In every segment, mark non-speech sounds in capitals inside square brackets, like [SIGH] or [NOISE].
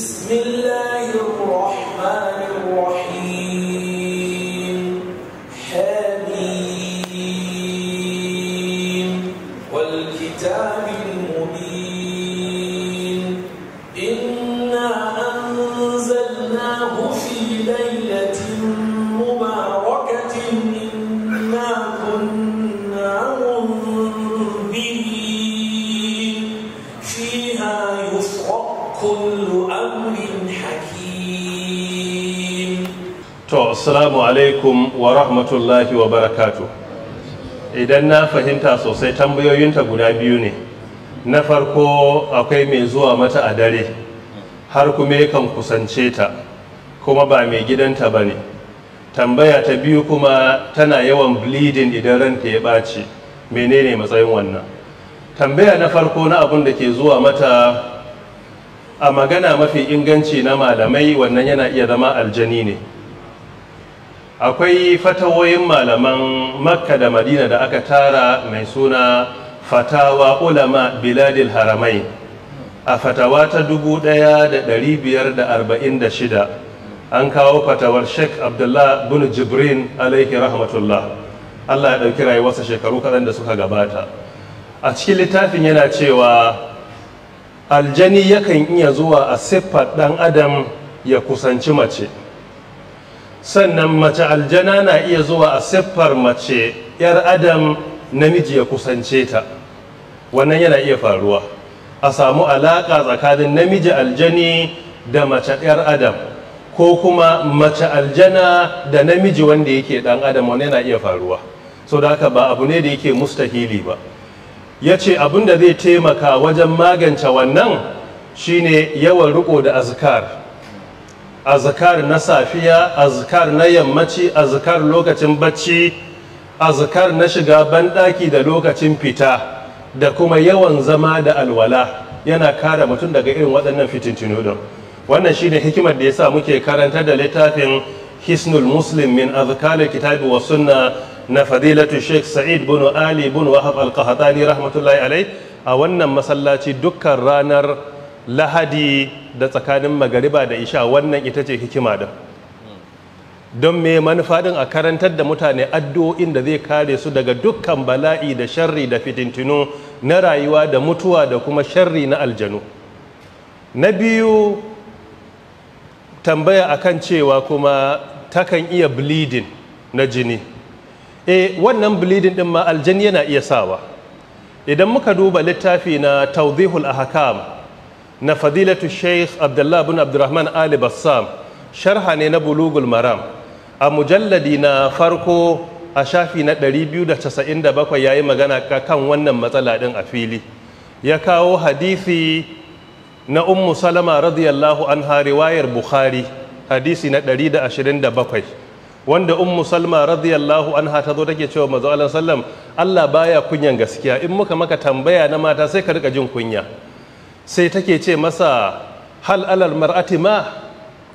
بسم الله assalamu alaikum wa rahmatullahi wa barakatu idan na fahimta sosai tambayoyinta guda biyu ne na farko akwai mai zuwa mata a dare har kuma kan kusance ta kuma ba mai gidanta ba ne tambaya ta biyu kuma tana yawan bleeding idan ranta ya ɓaci menene matsayin wannan tambaya na farko na abun da ke zuwa mata a magana mafi inganci na malamai wannan yana iya zama aljani ne akwai fatawoyin malaman makka da madina da aka tara mai suna fatawa ulama biladil haramai a fatawa ta 1546 an kawo fatawar sheikh abdullah bin jibrin alaihi rahmatullah allah ya ɗauki rayuwarsa shekaru kaɗan da suka gabata a cikin littafin yana cewa aljani yakan iya zuwa a siffar ɗan adam ya kusanci mace sannan mace aljana na iya zuwa a siffar mace yar adam namiji ya kusance ta wannan yana iya faruwa a samu alaƙa tsakanin namiji aljani da mace yar adam ko kuma mace aljana da namiji wanda yake dan adam wannan yana iya faruwa so da haka ba abu ne da yake mustahili ba ya ce abin da zai taimaka wajen magance wannan shine yawan riko da azkar azkar na safiya azkar na yammaci azkar lokacin bacci azkar na shiga banɗaki da lokacin fita da kuma yawan zama da alwala yana kare mutum daga irin waɗannan fitintinu don wannan shine hikimar da yasa muke karanta da littafin hisnul muslim min azkar kitabi wa sunna na fadilatu sheikh sa'id bin ali bin wahab al-qahtani rahmatullahi alai a wannan masallaci dukkan ranar lahadi da tsakanin magariba da isha wannan ita ce hikima da don me manufadin a karantar da mutane addu'o'in da zai kare su daga dukkan bala'i da sharri da fitintinu na rayuwa da mutuwa da kuma sharri na aljanu na biyu tambaya akan cewa kuma takan iya bleeding na jini e wannan bleeding din ma aljani yana iya sawa idan muka duba littafi na tawdihul ahkam na fadilatu sheikh abdullah bin abdurrahman ali bassam sharha ne na bulugul maram a mujalladi na farko a shafi na 297 yayi magana kan wannan matsala din a fili ya kawo hadisi na ummu salama radiyallahu anha riwayar bukhari hadisi na 127 wanda ummu salma radiyallahu anha tazo take cewa manzo Allah sallam Allah baya kunyan gaskiya in muka maka tambaya na mata sai ka rika jin kunya sai take ce masa hal alal mar'ati ma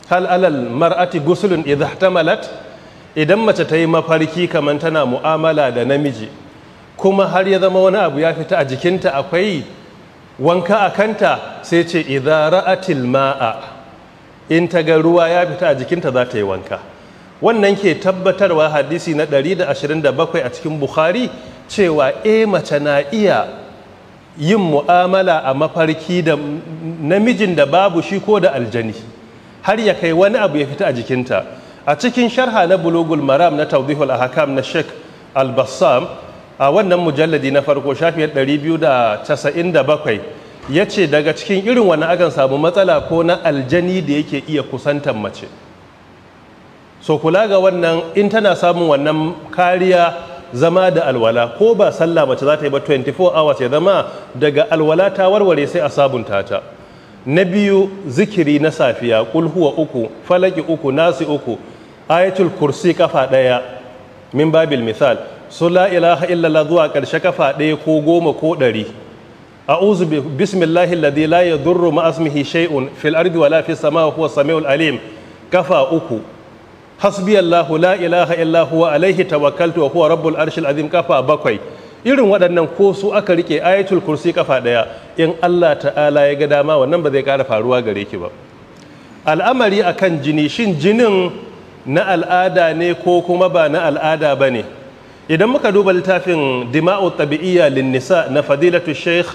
hal alal mar'ati gusulun idha ihtamalat idan mace ta yi mafarki kamar tana mu'amala da namiji kuma har ya zama wani abu ya fita a jikinta akwai wanka a kanta sai ce idha ra'atil ma'a in ta ga ruwa ya fita a jikinta za ta yi wanka wannan ke tabbatarwa hadisi na 127 a cikin bukhari cewa e mace na iya yin mu'amala a mafarki da namijin da babu shi ko da aljani har ya kai wani abu ya fita a jikinta a cikin sharha na bulugul maram na tawdihul ahkam na sheikh al-bassam a wannan mujalladi na farko shafiyar 297 ya ce daga cikin irin wani akan samu matsala ko na aljani da yake iya kusantar mace so kula ga wannan in tana samun wannan kariya zama da alwala ko ba sallah mace za ta yi ba 24 hours ya zama daga alwala ta warware sai a sabunta ta na biyu zikiri na safiya kulhuwa uku falaki uku nasi uku ayatul kursi kafa ɗaya min babil misal su la ilaha illallah zuwa ƙarshe kafa ɗaya ko goma ko ɗari a'udhu bismillahi alladhi la yadurru durru ma'asmihi shay'un fil ardi wala fis samawati huwa samiul alim kafa uku hasbiyallahu la ilaha illa huwa alaihi tawakkaltu wa huwa rabbul arshil azim kafa bakwai irin waɗannan ko su aka rike ayatul kursi kafa ɗaya in Allah ta'ala ya ga dama wannan ba zai ƙara faruwa gare ki ba al'amari akan jini shin jinin na al'ada ne ko kuma ba na al'ada ba ne idan muka duba littafin dima'u tabi'iyya linnisa na fadilatu sheikh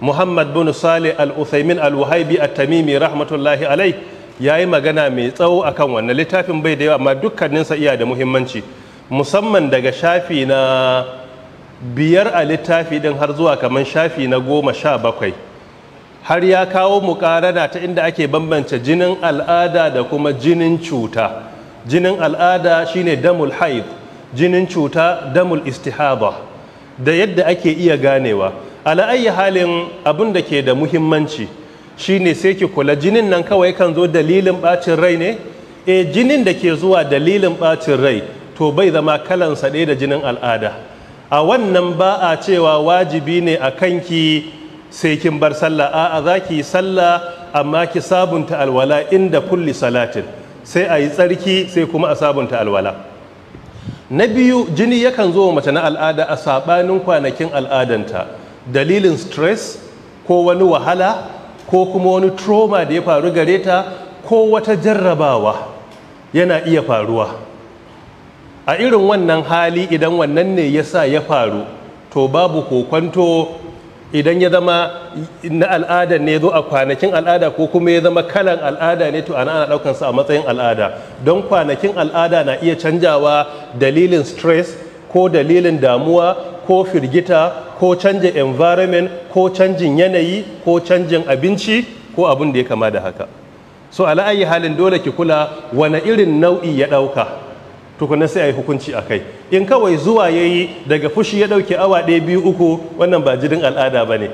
muhammad bin salih al-uthaymin al wahaibi at-tamimi rahmatullahi alai. ya yi magana mai tsawo a kan wannan littafin bai da yawa amma dukkaninsa iya da muhimmanci musamman daga shafi na biyar a littafi din har zuwa kamar shafi na goma sha bakwai har ya kawo mukarana ta inda ake bambance jinin al'ada da kuma jinin cuta jinin al'ada shine damul haid jinin cuta damul istihaba da yadda ake iya ganewa ala halin abin da ke da muhimmanci shine sai ki kula jinin nan kawai kan zo dalilin bacin rai ne e jinin da ke zuwa dalilin bacin rai to bai zama kalansa ɗaya da jinin al'ada a wannan ba a cewa wajibi ne a kanki sai kin bar sallah a'a za ki yi sallah amma ki sabunta alwala inda kulli salatin sai a yi tsarki sai kuma a sabunta alwala na biyu jini yakan zo mace na al'ada a saɓanin kwanakin al'adanta dalilin stress ko wani wahala ko kuma wani trauma da ya faru gare ta ko wata jarrabawa yana iya faruwa a irin wannan hali idan wannan ne ya sa ya faru to babu kokwanto idan ya zama na al'ada ne zo a kwanakin al'ada ko kuma ya zama kalan al'ada ne to ana ana daukansa a matsayin al'ada don kwanakin al'ada na iya canjawa dalilin stress ko dalilin damuwa ko firgita ko canjin environment ko canjin yanayi ko canjin abinci ko abin da ya kama da haka so ala'ayi halin dole ki kula wani irin nau'i ya ɗauka tukuna sai a yi hukunci a in kawai zuwa ya yi daga fushi ya ɗauki awa ɗaya biyu uku wannan ba jidin al'ada ba ne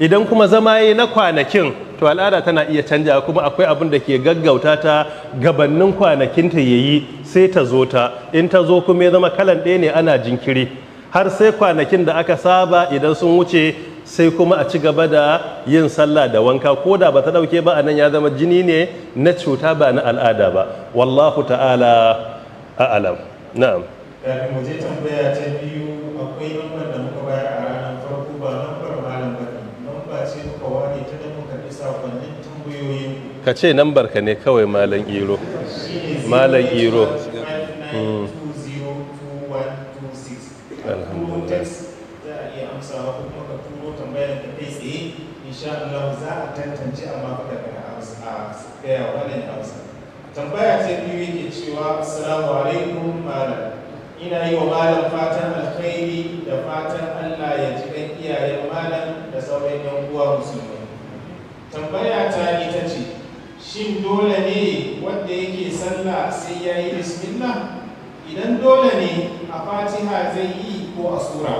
idan kuma zama yi na kwanakin to al'ada tana iya canja kuma akwai abin da ke gaggauta ta gabannin kwanakin ta yayi sai ta zo ta in ta zo kuma ya zama kalan ɗaya ne ana jinkiri har sai kwanakin da aka saba idan sun wuce sai kuma a ci gaba da yin sallah da wanka ko da ba ta ɗauke ba a nan ya zama jini ne na cuta ba na al'ada ba wallahu ta'ala a'alam na'am tambaya ta biyu akwai da muka bayar ka ce nambar ka ne kawai malam iro malam iro hmm. tambaya ta biyu yake cewa assalamu alaikum malam ina yi wa malam fatan alkhairi da fatan allah ya ji ɗan iyayen malam da sauran yan uwa musulmi tambaya ta ita ce shin dole ne wanda yake sallah sai ya yi bismillah idan dole ne a fatiha zai yi ko a sura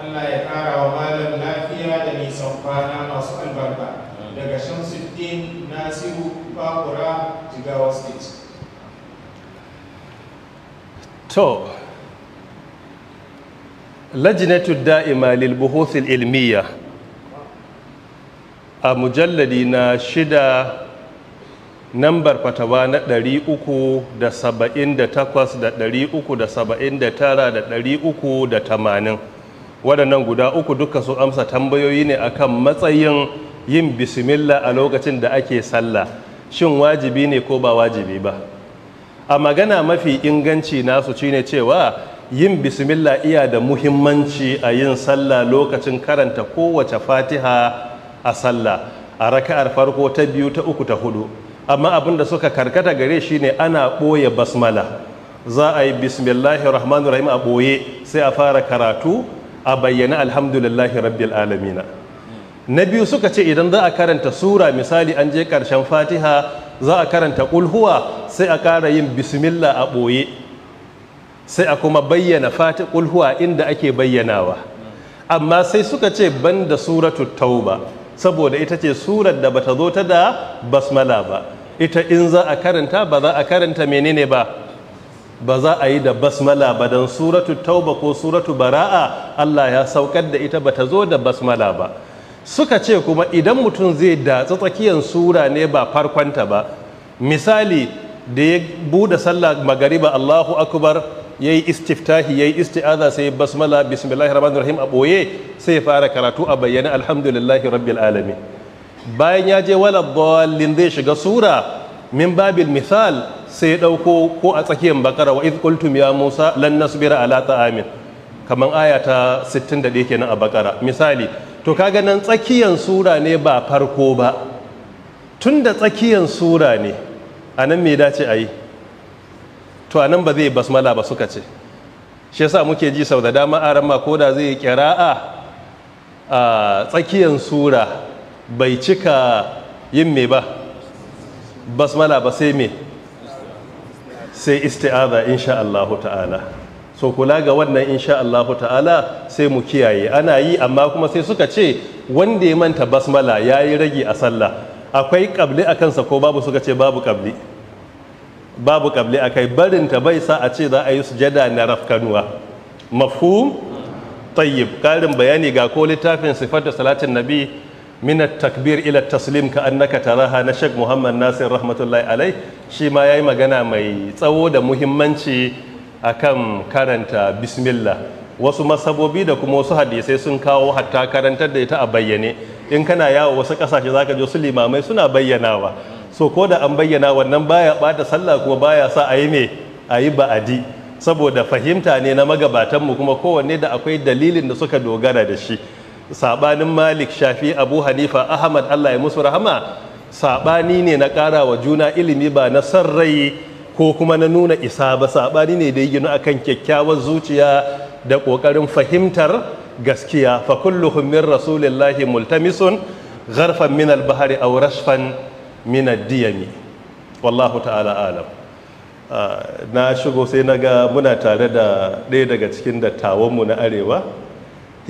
allah ya kara wa malam lafiya da nisan kwana masu albarka daga shamsuddin nasiru bakura jigawa state to lajinatu da'ima lil buhuth ilmiya a mujalladi na shida nambar fatawa na 378 da 379 da tamanin, waɗannan guda uku duka su amsa tambayoyi ne akan matsayin yin bismillah a lokacin da ake sallah shin wajibi ne ko ba wajibi ba a magana mafi inganci nasu shine cewa yin bismillah iya da muhimmanci a yin sallah lokacin karanta kowace fatiha a sallah a raka'ar farko ta biyu ta uku ta hudu amma abin da suka karkata gare shi ne ana ɓoye basmala za a yi bismillahi rahmanu rahim a ɓoye sai a fara karatu a bayyana alhamdulillahi rabbil alamina na biyu suka ce idan za a karanta sura misali an je karshen fatiha za a karanta ƙulhuwa sai a kara yin bismillah a ɓoye sai a kuma bayyana fati ƙulhuwa inda ake bayyanawa amma sai suka ce banda suratu tauba saboda ita ce surar da bata zo ta da basmala ba ita in za a karanta ba za a karanta menene ba ba za a yi da basmala ba don suratu tauba ko suratu bara'a Allah ya saukar da ita ba ta zo da basmala ba suka ce kuma idan mutum zai datse tsakiyar sura ne ba farkonta ba misali da ya buɗe sallah magariba Allahu akbar ya yi istiftahi ya yi isti'aza sai basmala bismillahir rahmanir rahim a ɓoye sai ya fara karatu a bayyana alhamdulillahi rabbil alamin bayan ya je wala dallin zai shiga sura min babil misal sai dauko ko a tsakiyar bakara wa izkultum ya musa lan nasbira ala ta'amin kaman aya ta 61 kenan a bakara misali to kaga nan tsakiyan sura ne ba farko ba tunda tsakiyan sura ne anan me dace ayi to anan ba zai basmala ba suka ce shi yasa muke ji sau da dama aran ma koda zai kira'a a tsakiyan sura bai cika yin me ba basmala ba sai me sai isti'aza insha Allah ta'ala so kula ga wannan insha Allah ta'ala sai mu kiyaye ana yi amma kuma sai suka ce wanda ya manta basmala yayi ragi a sallah akwai kabli a kansa ko babu suka ce babu kabli babu kabli akai barin ta bai sa a ce za a yi sujada na rafkanuwa mafhum tayyib karin bayani ga ko littafin sifar da salatin nabi min takbir ila taslim ka annaka taraha na Sheikh Muhammad Nasir rahmatullahi alai shi ma yayi magana mai tsawo da muhimmanci akan karanta bismillah wasu masabobi da kuma wasu hadisai sun kawo hatta karantar da ita a bayyane in kana yawo wasu kasashe zaka je su limamai suna bayyanawa so ko da an bayyana wannan baya bata sallah kuma baya sa ayi yi me a yi ba'adi saboda fahimta ne na magabatanmu kuma kowanne da akwai dalilin da suka dogara da shi sabanin malik shafi abu hanifa ahmad allah ya musu rahama sabani ne na ƙara wa juna ilimi ba na san rai ko kuma na nuna isa ba sabani ne da ya gina akan kyakkyawar zuciya da ƙoƙarin fahimtar gaskiya fa kulluhum min rasulillahi multamisun gharfan min al-bahri aw rashfan min ad-diyami wallahu ta'ala alam ah, na shigo sai naga muna tare da ɗaya daga cikin dattawanmu na arewa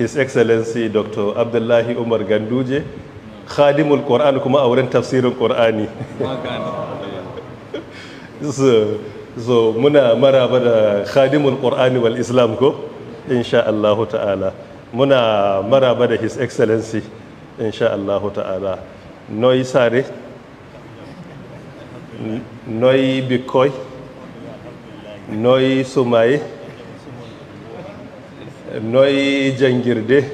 His Excellency Dr. Abdullahi Umar Ganduje, Khadimul Quran kuma a wurin tafsirin Qur'ani. [LAUGHS] so, so muna maraba da Khadimul Qur'ani wal Islam ko? Insha Allah ta'ala. Muna maraba da His Excellency insha Allah ta'ala. Noi sare, noi bikoi, noi sumaye. noy jangirde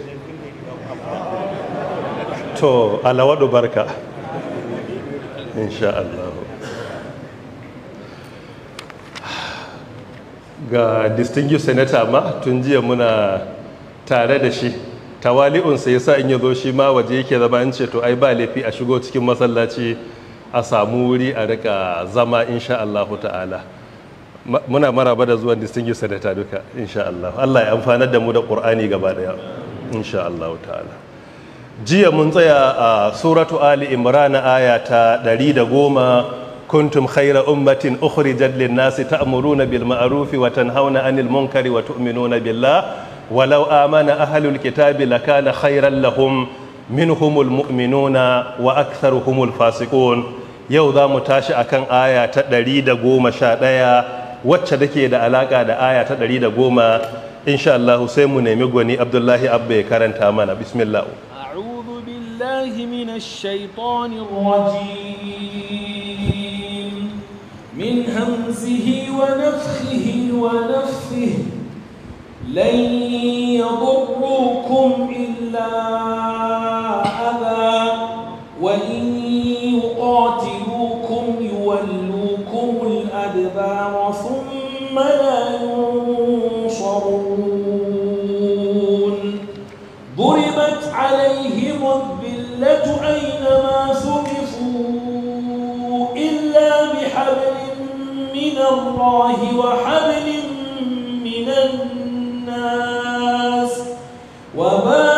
to alawaɗu barka insha Allah ga distinguished senator ma tun jiya muna tare da shi tawali'unsa ya sa in yazo shi ma waje yake zama in ce to ai ba laifi a shigo cikin masallaci a samu wuri a rika zama insha Allah ta'ala muna maraba da zuwan distinguished senator duka insha Allah Allah ya amfanar da mu da Qur'ani gaba daya insha Allah ta'ala jiya mun tsaya a suratu ali imran aya ta 110 kuntum khayra ummatin ukhrijat lin-nasi ta'muruna bil ma'ruf wa tanhauna 'anil munkari wa tu'minuna billah walau amana ahlul kitabi lakana khayran lahum minhumul mu'minuna wa aktharuhumul fasiqun yau za mu tashi akan aya ta 111 wacce take da alaka da aya ta 110 insha Allah sai mu nemi gwani Abdullahi Abba ya karanta mana bismillah a'udhu billahi minash shaitanir rajim min hamzihi wa nafthihi wa nafthihi لن يضروكم إلا أذى وإن يقاتلوكم يولون الأدبار ثم لا ينصرون ضربت عليهم الذلة أينما ثقفوا إلا بحبل من الله وحبل من الناس وما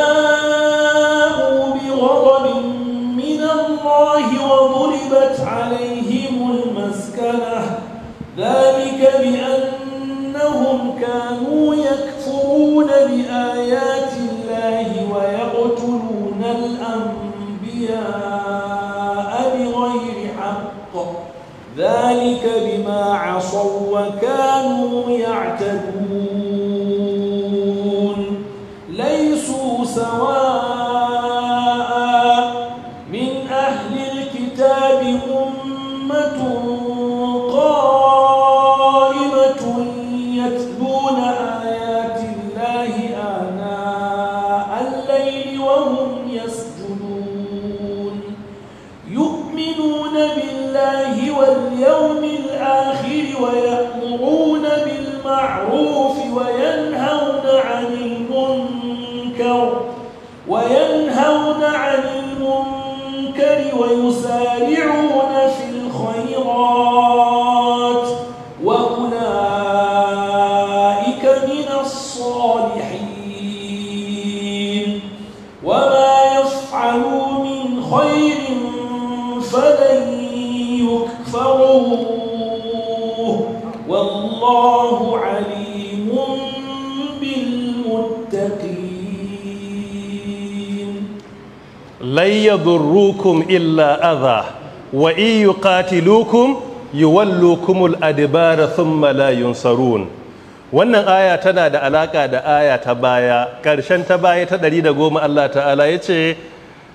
ذلك بأنهم كانوا يكفرون بآيات الله ويقتلون الأنبياء بغير حق ذلك بما عصوا وكانوا يعتدون yadurrukum illa adha wa in yuqatilukum yuwallukumul adbara thumma la yunsarun wannan aya tana da alaka da aya ta baya karshen ta baya ta 110 Allah ta'ala yace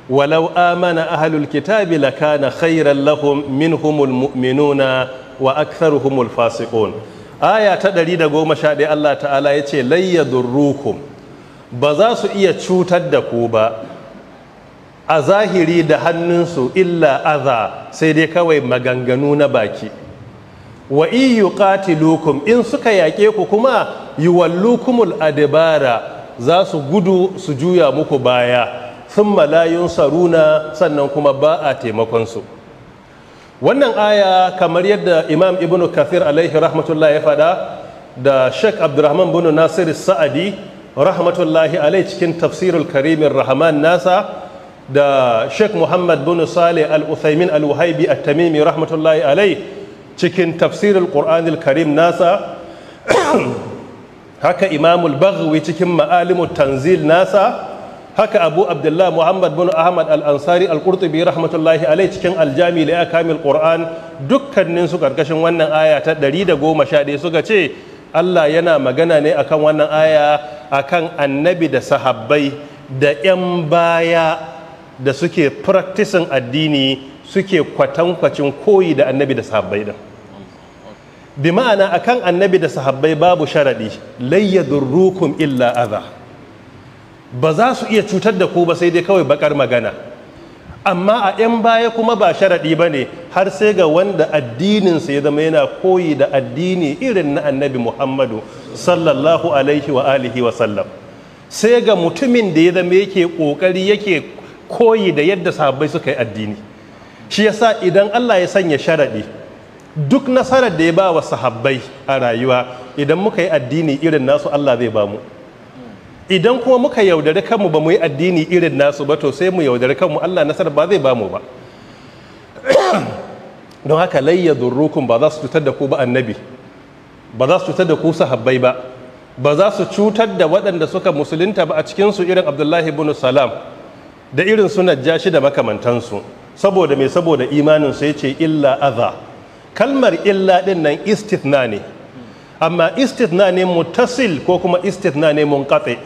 walau amana ahlul kitabi lakana khairan lahum minhumul mu'minuna wa aktharuhumul fasiqun aya ta 111 Allah ta'ala yace layyadurrukum ba za su iya cutar da ku ba a zahiri da hannunsu illa aza sai dai kawai maganganu na baki wa iyu qatilukum in suka yaƙe ku kuma yuwallukumul adibara za su gudu su juya muku baya sun malayun saruna sannan kuma ba a taimakonsu wannan aya kamar yadda imam ibn kathir alaihi rahmatullah ya faɗa da sheikh abdurrahman bin nasir sa'adi rahmatullahi alaihi cikin tafsirul karimin rahman nasa da sheikh muhammad bin salih al-uthaymin al-wahaibi at-tamimi rahmatullahi alai cikin tafsirin al karim nasa [CLEARS THROAT] haka imamul baghawi cikin at tanzil nasa haka abu abdullah muhammad bin ahmad al-ansari al-qurtubi rahmatullahi alai cikin aljami da ya kamil qur'an dukkanin su karkashin wannan aya ta 111 suka ce allah yana magana ne akan wannan aya akan annabi da sahabbai da 'yan baya da suke practicing addini suke kwatankwacin koyi da annabi da sahabbai din bi ma'ana akan annabi da sahabbai babu sharadi layyadurrukum illa adha ba za su iya cutar da ku ba sai dai kawai bakar magana amma a 'yan baya kuma ba sharaɗi ba ne har sai ga wanda addininsa ya zama yana koyi da addini irin na annabi muhammadu sallallahu alaihi wa alihi wa sallam sai ga mutumin da ya zama yake ƙoƙari yake koyi da yadda sahabbai suka yi addini shi yasa idan Allah ya sanya sharaɗi duk nasarar da ya ba wa sahabbai a rayuwa idan muka yi addini irin nasu Allah zai ba mu idan kuma muka yaudari kanmu ba mu yi addini irin nasu ba to sai mu yaudari kanmu Allah nasarar ba zai ba mu ba [CLEARS THROAT] don haka layya durrukun ba za su cutar da ku ba annabi ba za su cutar da ku sahabbai ba ba za su cutar da waɗanda suka musulunta ba a cikinsu irin abdullahi ibn salam da irin ja shi da makamantansu saboda mai saboda imanin su yace illa aza kalmar illa din nan istithna ne amma istithna ne mutasil ko kuma istithna ne munqati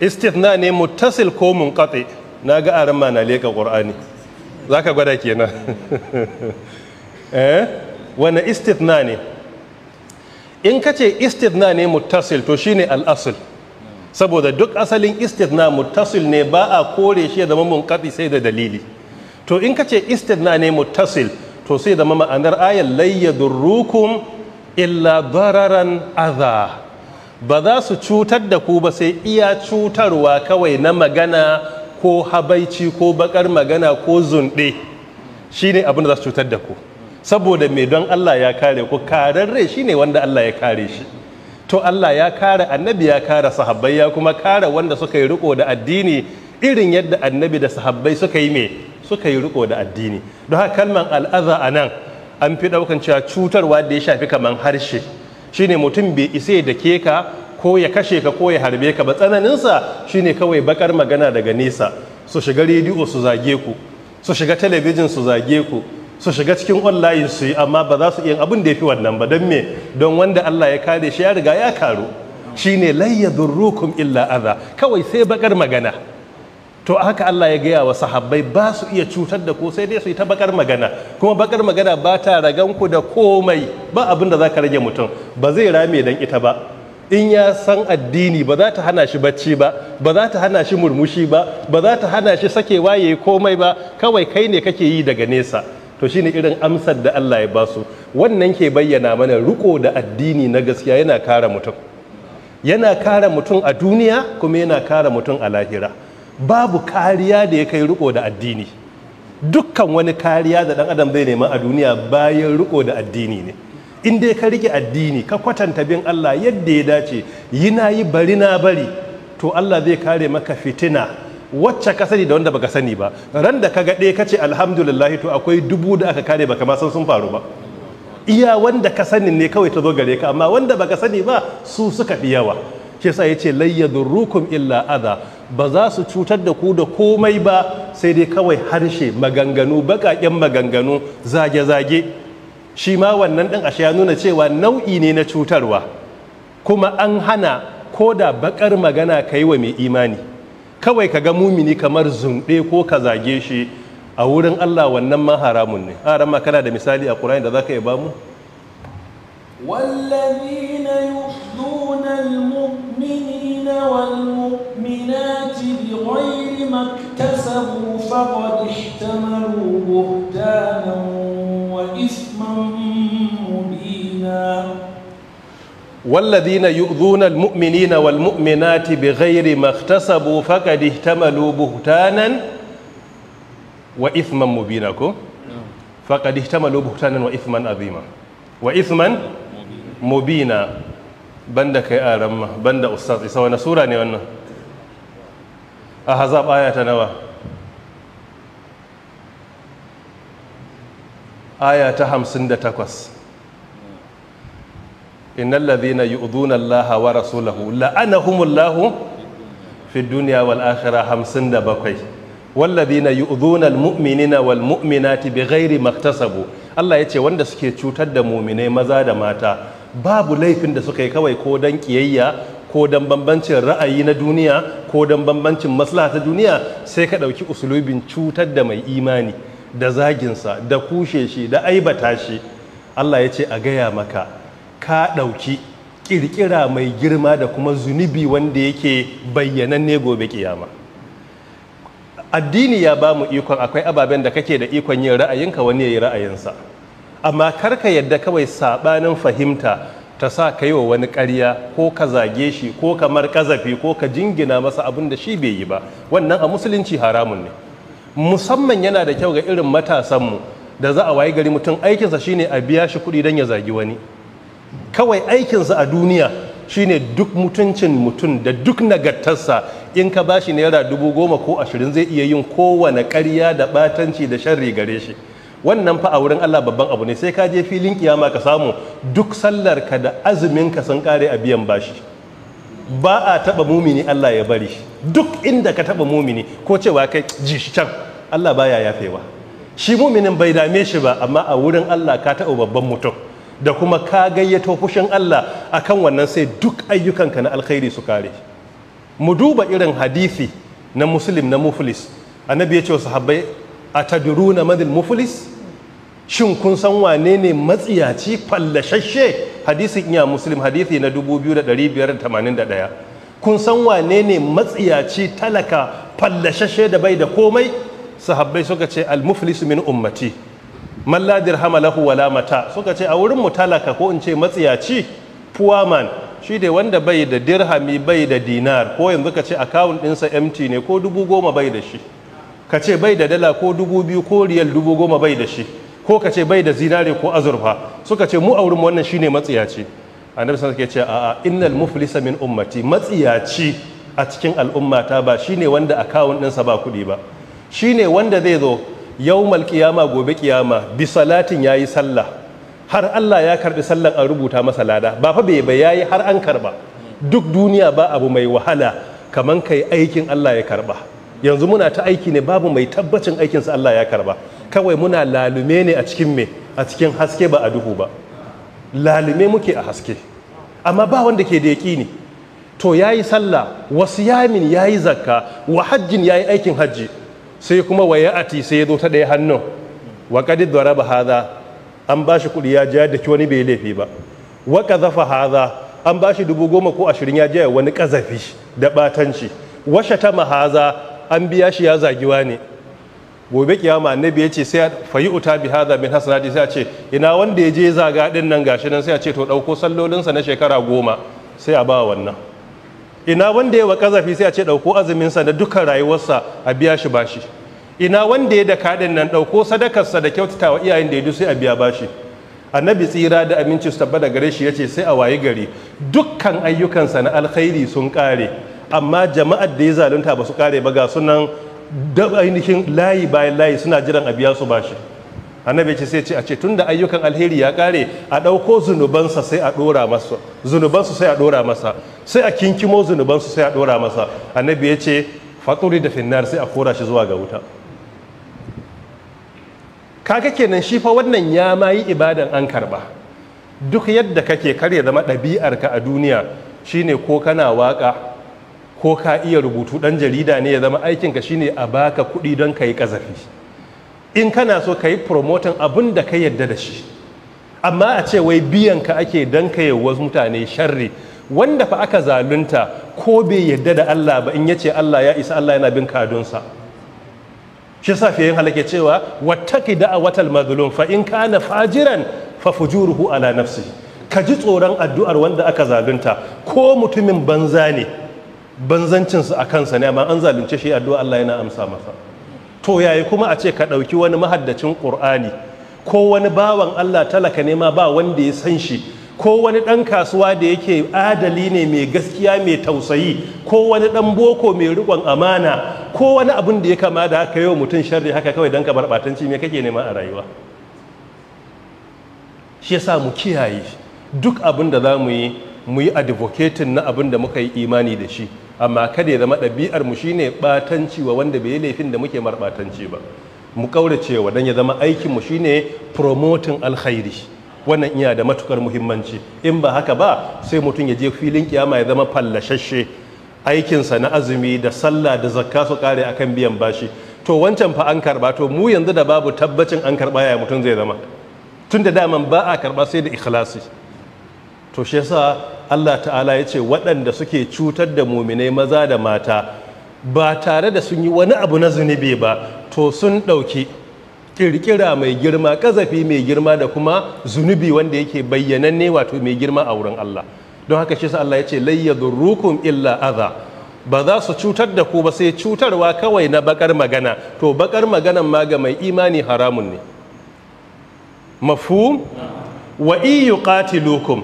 istithna ne mutasil ko munqati na aran ma na leka za ka gwada kenan [LAUGHS] eh wane istithna ne in ka ce istithna ne mutasil to shine al al'asul saboda duk asalin istithna mutasil ne ba a kore shi ya zama munqati sai da dalili to in ka ce istithna ne muttasil to sai zama ma'anar ayar layyadurrukum illa bararan aza. ba za su cutar da ku ba sai iya cutarwa kawai na magana ko habaici ko bakar magana ko zunɗe shine abin da za su cutar da ku saboda mai don Allah ya kare ku kararre ne wanda Allah ya kare shi to Allah ya kare annabi ya kare sahabbai ya kuma kare wanda suka yi riko da addini irin yadda annabi da sahabbai suka yi me suka yi riko da addini don haka kalman al'aza a nan an fi ɗaukan cewa cutarwa da ya shafi kaman harshe shine mutum bai isa da ke ka ko ya kashe ka ko ya harbe ka ba tsananin sa shine kawai bakar magana daga nesa su shiga rediyo su zage ku su shiga talabijin su zage ku su shiga cikin online su yi amma ba za su iya abin da ya fi wannan ba don me don wanda Allah ya kare shi ya riga ya karu Shi ne layyadun rukun illa adha kawai sai bakar magana to haka Allah ya gaya wa sahabbai ba su iya cutar da ko sai dai su yi ta bakar magana kuma bakar magana ba ta ragan ku da komai ba abin da za ka rage mutum ba zai rame dan ita ba in ya san addini ba za ta hana shi bacci ba ba za ta hana shi murmushi ba ba za ta hana shi sakewa ya yi komai ba kawai kai ne kake yi daga nesa to shine irin amsar da Allah ya basu wannan ke bayyana mana riko da addini na gaskiya yana kare mutum yana kare mutum a duniya kuma yana kare mutum a lahira babu kariya da ya kai riko da addini dukkan wani kariya da dan adam zai nema a duniya bayan riko da addini ne in dai ka rike addini ka kwatanta bin Allah yadda ya dace yi na yi bari na bari to Allah zai kare maka fitina wacce ka sani da wanda baka sani ba ran da ka ga ɗaya kace alhamdulillah to akwai dubu da aka kare baka ma san sun faru ba iya wanda ka sani ne kawai ta zo gare ka amma wanda baka sani ba su suka fi yawa shi yasa yace layyadurukum illa adha ba za su cutar da ku da komai ba sai dai kawai harshe maganganu bakaƙen maganganu zage-zage shi ma wannan ɗin ashe ya nuna cewa nau'i ne na cutarwa kuma an hana ko da baƙar magana kai wa mai imani kawai ka ga mumini kamar zunɗe ko ka zage shi a wurin Allah wannan ma haramun ne haram ma kana da misali a Qur'ani da zaka yaba mu wallazina yuzuna almu'minina walmu'minati bighayri ta marubu, ihtamalu buhtanan wa isman mubina والذين يؤذون المؤمنين والمؤمنات بغير ما اكتسبوا فقد احتملوا بهتانا وإثما مبينا فقد احتملوا بهتانا وإثما عظيما وإثما مبينا بند كي آرم بند أستاذ إسا وانا سورة نيوانا أحزاب آية نوا آية 58 Ina ladhina yu'dhuna allaha wa rasulahu la'anahumullahu fi dunya wal akhirah 57 walladhina yu'dhuna almu'minina walmu'minati bighairi maktasabu Allah yace wanda suke cutar da mu'mine maza da mata babu laifin da suka yi kawai ko dan kiyayya ko dan bambancin ra'ayi na duniya ko dan bambancin maslaha ta duniya sai ka dauki usulubin cutar da mai imani da zaginsa da kushe shi da aibata shi Allah yace a gaya maka ka ɗauki ƙirƙira mai girma da kuma zunubi wanda yake bayyananne gobe ƙiyama. addini ya ba mu ikon akwai ababen da kake da ikon yin ra'ayinka wani ya yi ra'ayinsa amma karka yadda kawai saɓanin fahimta ta sa ka yi wa wani ƙarya ko ka zage shi ko kamar ƙazafi ko ka jingina masa abin da shi bai yi ba wannan a musulunci haramun ne musamman yana da kyau ga irin matasanmu da za a wayi gari mutum aikinsa shine a biya shi kuɗi don ya zagi wani kawai aikinsa a duniya shine duk mutuncin mutum da duk nagartarsa in ka ba shi naira dubu goma ko ashirin zai iya yin kowane ƙarya da batanci da sharri gare shi wannan fa a wurin Allah babban abu ne sai ka je filin kiyama ka samu duk sallar ka da azumin ka sun kare a biyan bashi ba a taba mumini Allah ya bari duk inda ka taba mumini ko cewa kai ji shi can Allah baya yafewa shi muminin bai dame shi ba amma a wurin Allah ka taba babban mutum da kuma ka gayyato fushin Allah akan wannan sai duk ayyukanka na alkhairi su kare mu duba irin hadisi na muslim na muflis annabi ya ce wasu habbai a na madil muflis shin kun san wane ne matsiyaci fallashashe hadisin iya muslim hadisi na 2581 kun san wane ne matsiyaci talaka fallashashe da bai da komai sahabbai suka ce al-muflis min ummati malladir hamalahu wala mata suka ce a wurin mu talaka ko in ce matsiyaci poor man shi ne wanda bai da dirhami bai da dinar ko yanzu ka ce akawun ɗinsa mt ne ko dubu goma bai da shi ka ce bai da dala ko dubu biyu ko riyal dubu goma bai da shi ko ka ce bai da zinare ko azurfa suka ce mu a wurin wannan shine matsiyaci annabi sun ke ce a a innal muflisa min ummati matsiyaci a cikin al'ummata ba shine wanda akawun ɗinsa ba kuɗi ba shine wanda zai zo yau qiyama gobe qiyama bi salatin yi sallah har Allah ya karbi sallah an rubuta masa lada ba fa bai ba yayi har an karba duk duniya ba abu mai wahala kaman kai aikin Allah ya karba yanzu muna ta aiki ne babu mai tabbacin aikinsa Allah ya karba kawai muna lalume ne a cikin me a cikin haske ba a duhu ba lalume muke a haske amma ba wanda ke da yaƙini to yayi sallah wasu yamin yayi zakka wa hajjin yayi aikin hajji sai kuma waya ati sai ya zo ta ɗaya hannun wa dora ba haza, an ba shi kuɗi ya ya daki wani bai laifi ba wa kazafa haza, an ba shi dubu goma ko ashirin ya ya wani ƙazafi da ɓatanci. wa tama haza, an biya shi ya zagiwa ne gobe kiyama annabi ya ce sai a fayi uta bi haza min hasanati sai a ce ina wanda ya je zaga ɗin nan gashi nan sai a ce to dauko sallolinsa na shekara goma sai a ba wannan ina wanda ya wa kazafi sai a ce ɗauko sa da duka rayuwarsa a biya shi bashi ina wanda ya da kaɗin nan ɗauko sadakarsa da kyautatawa iyayen da ya sai a biya bashi annabi tsira da aminci su tabbata gare shi ya ce sai a wayi gari dukkan ayyukansa na alkhairi sun kare amma jama'ar da ya zalunta ba su kare ba ga sunan da ainihin layi bayan layi suna jiran a biya su bashi annabi ce sai ce a ce tun da ayyukan alheri ya kare a ɗauko zunubansa sai zunubansu sai a ɗora masa sai a kinkimo zunubansu sai a dora masa annabi ya ce fatsuri da finnar sai a kora shi zuwa ga wuta kaga kenan shi fa wannan ya ma yi ibadan an karba duk yadda kake kare zama ɗabi'arka a duniya shine ko kana waka ko ka iya rubutu ɗan jarida ne ya zama aikinka shine a baka kuɗi don ka yi ƙazafi in kana so ka yi promotan abin da ka yadda da shi amma a ce wai biyan ka ake don ka yi wasu mutane sharri wanda fa aka zalunta ko bai yadda da Allah ba in yace Allah ya isa Allah yana bin kadunsa shi sa fiye halake cewa wattaki watal mazlum fa in kana fajiran fa fujuruhu ala nafsi ka ji tsoron addu'ar wanda aka zalunta ko mutumin banza ne banzancinsu a kansa ne amma an zalunce shi addu'a Allah yana amsa masa to yayi kuma a ce ka ɗauki wani mahaddacin Kur'ani ko wani bawan Allah talaka ne ma ba wanda ya san shi ko wani ɗan kasuwa da yake adali ne mai gaskiya mai tausayi ko wani ɗan boko mai riƙon amana ko wani abin da ya kama da haka yau mutum shari haka kawai don ka barbatanci me kake nema a rayuwa shi yasa mu kiyaye duk abin da za mu yi mu yi advocating na abin da muka yi imani da shi amma kada ya zama ɗabi'ar mu shine batanci wa wanda bai yi laifin da muke marbatanci ba mu kaurace wa don ya zama aikin mu shine promoting alkhairi wannan iya da matukar muhimmanci in ba haka ba sai mutum ya je filin kiyama ya zama fallashashe aikinsa na azumi da sallah da zakka su kare akan biyan bashi to wancan fa an karba to mu yanzu da babu tabbacin an karba ya mutum zai zama tunda da daman ba a karba sai da ikhlasi to shi yasa Allah ta'ala ya ce waɗanda suke cutar da muminai maza da mata ba tare da sun yi wani abu na zunubi ba to sun ɗauki kirkira mai girma kazafi mai girma da kuma zunubi wanda yake bayyananne wato mai girma a wurin Allah don haka shi sa Allah ya ce layyadurrukum illa adha ba za su cutar da ku ba sai cutarwa kawai na bakar magana to bakar maganan ma ga mai imani haramun ne mafhum wa yuqatilukum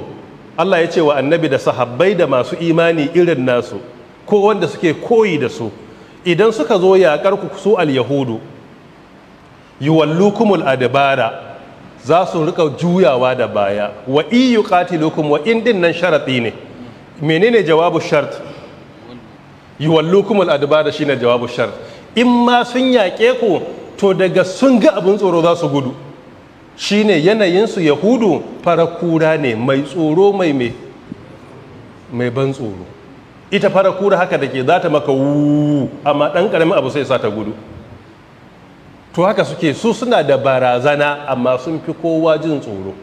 Allah ya ce wa annabi da sahabbai da masu imani irin nasu ko wanda suke koyi da su idan suka zo yaƙar ku su al-yahudu wallukumul adabara za su rika juyawa da baya wa iyu qatilukum wa indin nan sharaɗi ne menene jawabu shart yuwallukumul adabara shine jawabu shart in ma sun yaƙe ku to daga sun ga abin tsoro za su gudu shine yanayinsu yahudu fara kura ne mai tsoro mai mai mai ban tsoro ita fara kura haka da ke za ta maka wuuu amma ɗan ƙaramin abu sai sa ta gudu to haka suke su suna da barazana amma sun fi kowa jin tsoro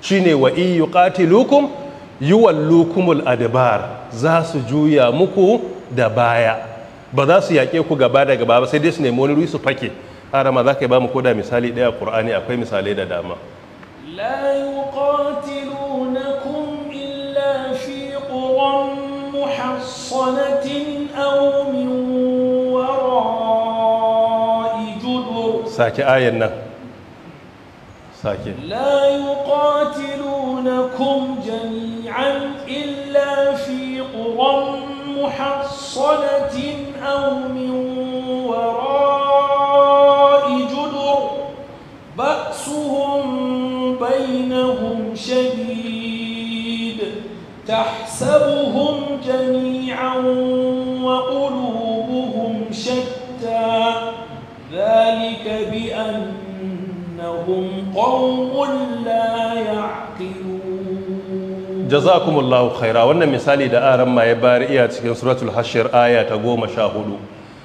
shine wa in yuqatilukum yuwallukumul adbar za su juya muku da baya ba za su yaƙe ku gaba da gaba ba sai dai su nemi wani su fake harama za ka yi ba mu koda misali ɗaya kur'ani akwai misalai da dama la yuqatilunakum illa fi muhassanatin aw ساكي آينا ساكي لا يقاتلونكم جميعا إلا في قرى محصنة أو من وراء جدر بأسهم بينهم شديد تحسبهم جميعا وقلوبهم qawmun la khaira wannan misali da aran ma ya bari iya cikin suratul hashir aya ta goma sha hudu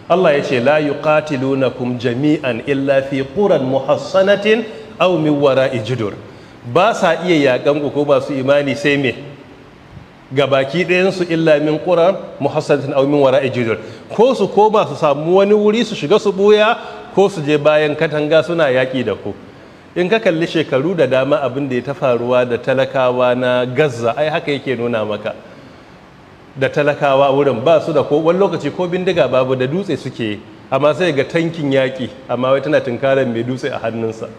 Allah ya ce la yuqatilunakum jami'an illa fi quran muhassanatin aw min wara'i ba sa iya yakan ku ko masu imani sai me ga baki ɗayansu illa min ƙuran muhassanatin aw min wara'i ko su ko ba su samu wani wuri su shiga su buya ko su je bayan katanga suna yaki da ku in ka kalli shekaru da dama abin da ya ta faruwa da talakawa na gaza ai haka yake nuna maka da talakawa wurin ba su da wani lokaci ko bindiga babu da dutse suke amma sai ga tankin yaƙi amma wai tana tunkarar mai dutse a hannunsa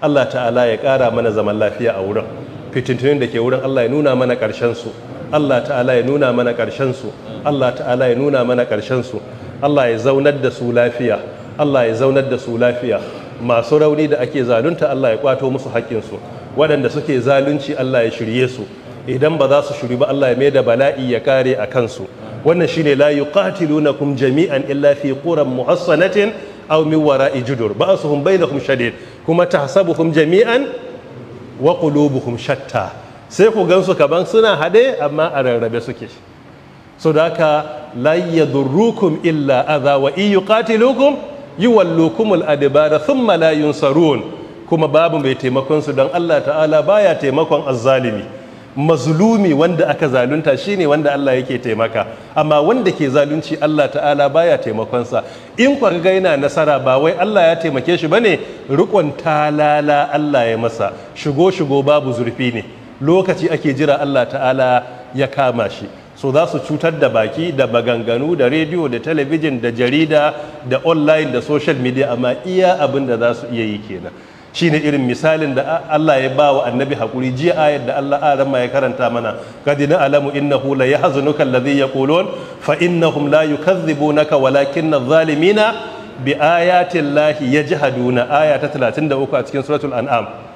allah ta'ala ya ƙara mana zaman lafiya a wurin fitintunin da ke wurin allah ya nuna mana ƙarshen su allah ta'ala ya nuna mana ƙarshen su allah ta'ala ya nuna mana ƙarshen su allah ya zaunar da su lafiya allah ya zaunar da su lafiya masu rauni da ake zalunta Allah ya kwato musu haƙƙinsu waɗanda suke zalunci Allah ya shirye su idan ba za su shiri ba Allah ya mai da bala'i ya kare a kansu wannan shi shine la yuqatilunakum jami'an illa fi quran muhassanatin aw min wara'i judur da bainakum shadid kuma tahsabuhum jami'an wa qulubuhum shatta sai ku gansu kaban suna hade amma a rarrabe suke so da haka la yadurrukum illa adha wa in yi wallukumul adibara sun malayun saruwan kuma babu mai taimakon don Allah ta'ala baya taimakon azzalimi mazlumi wanda aka zalunta shi ne wanda Allah yake taimaka amma wanda ke zalunci Allah ta'ala baya taimakonsa in kwa ga yana nasara ba wai Allah ya taimake shi ba bane rikon talala Allah ya masa shigo shigo babu zurfi ne lokaci ake jira Allah ta'ala ya kama shi so za su cutar da baki da maganganu da rediyo da talabijin da jarida da online da social media amma iya abin da za su iya yi kenan shine irin misalin da Allah ya ba wa annabi haƙuri jiya ayar da Allah aran ma ya karanta mana kadi na alamu innahu la yahzunuka alladhi yaqulun fa innahum la yukazzibunaka walakinna adh-dhalimina bi ayati ya yajhaduna aya ta 33 a cikin suratul an'am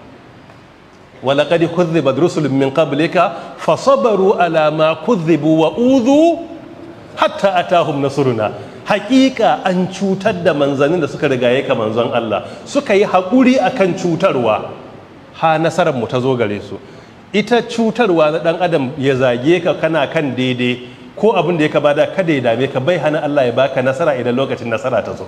ولقد كذبت رسل من قبلك فصبروا على ما uzu. Hatta حتى أتاهم nasuruna hakika an cutar da manzanin da suka rigaye ka manzon Allah suka yi haƙuri akan cutarwa ha nasarar mu ta zo gare su ita cutarwa na ɗan adam ya zage ka kana kan daidai ko abin da ya ka bada kada ya dame ka bai hana Allah ya baka nasara idan lokacin nasara ta zo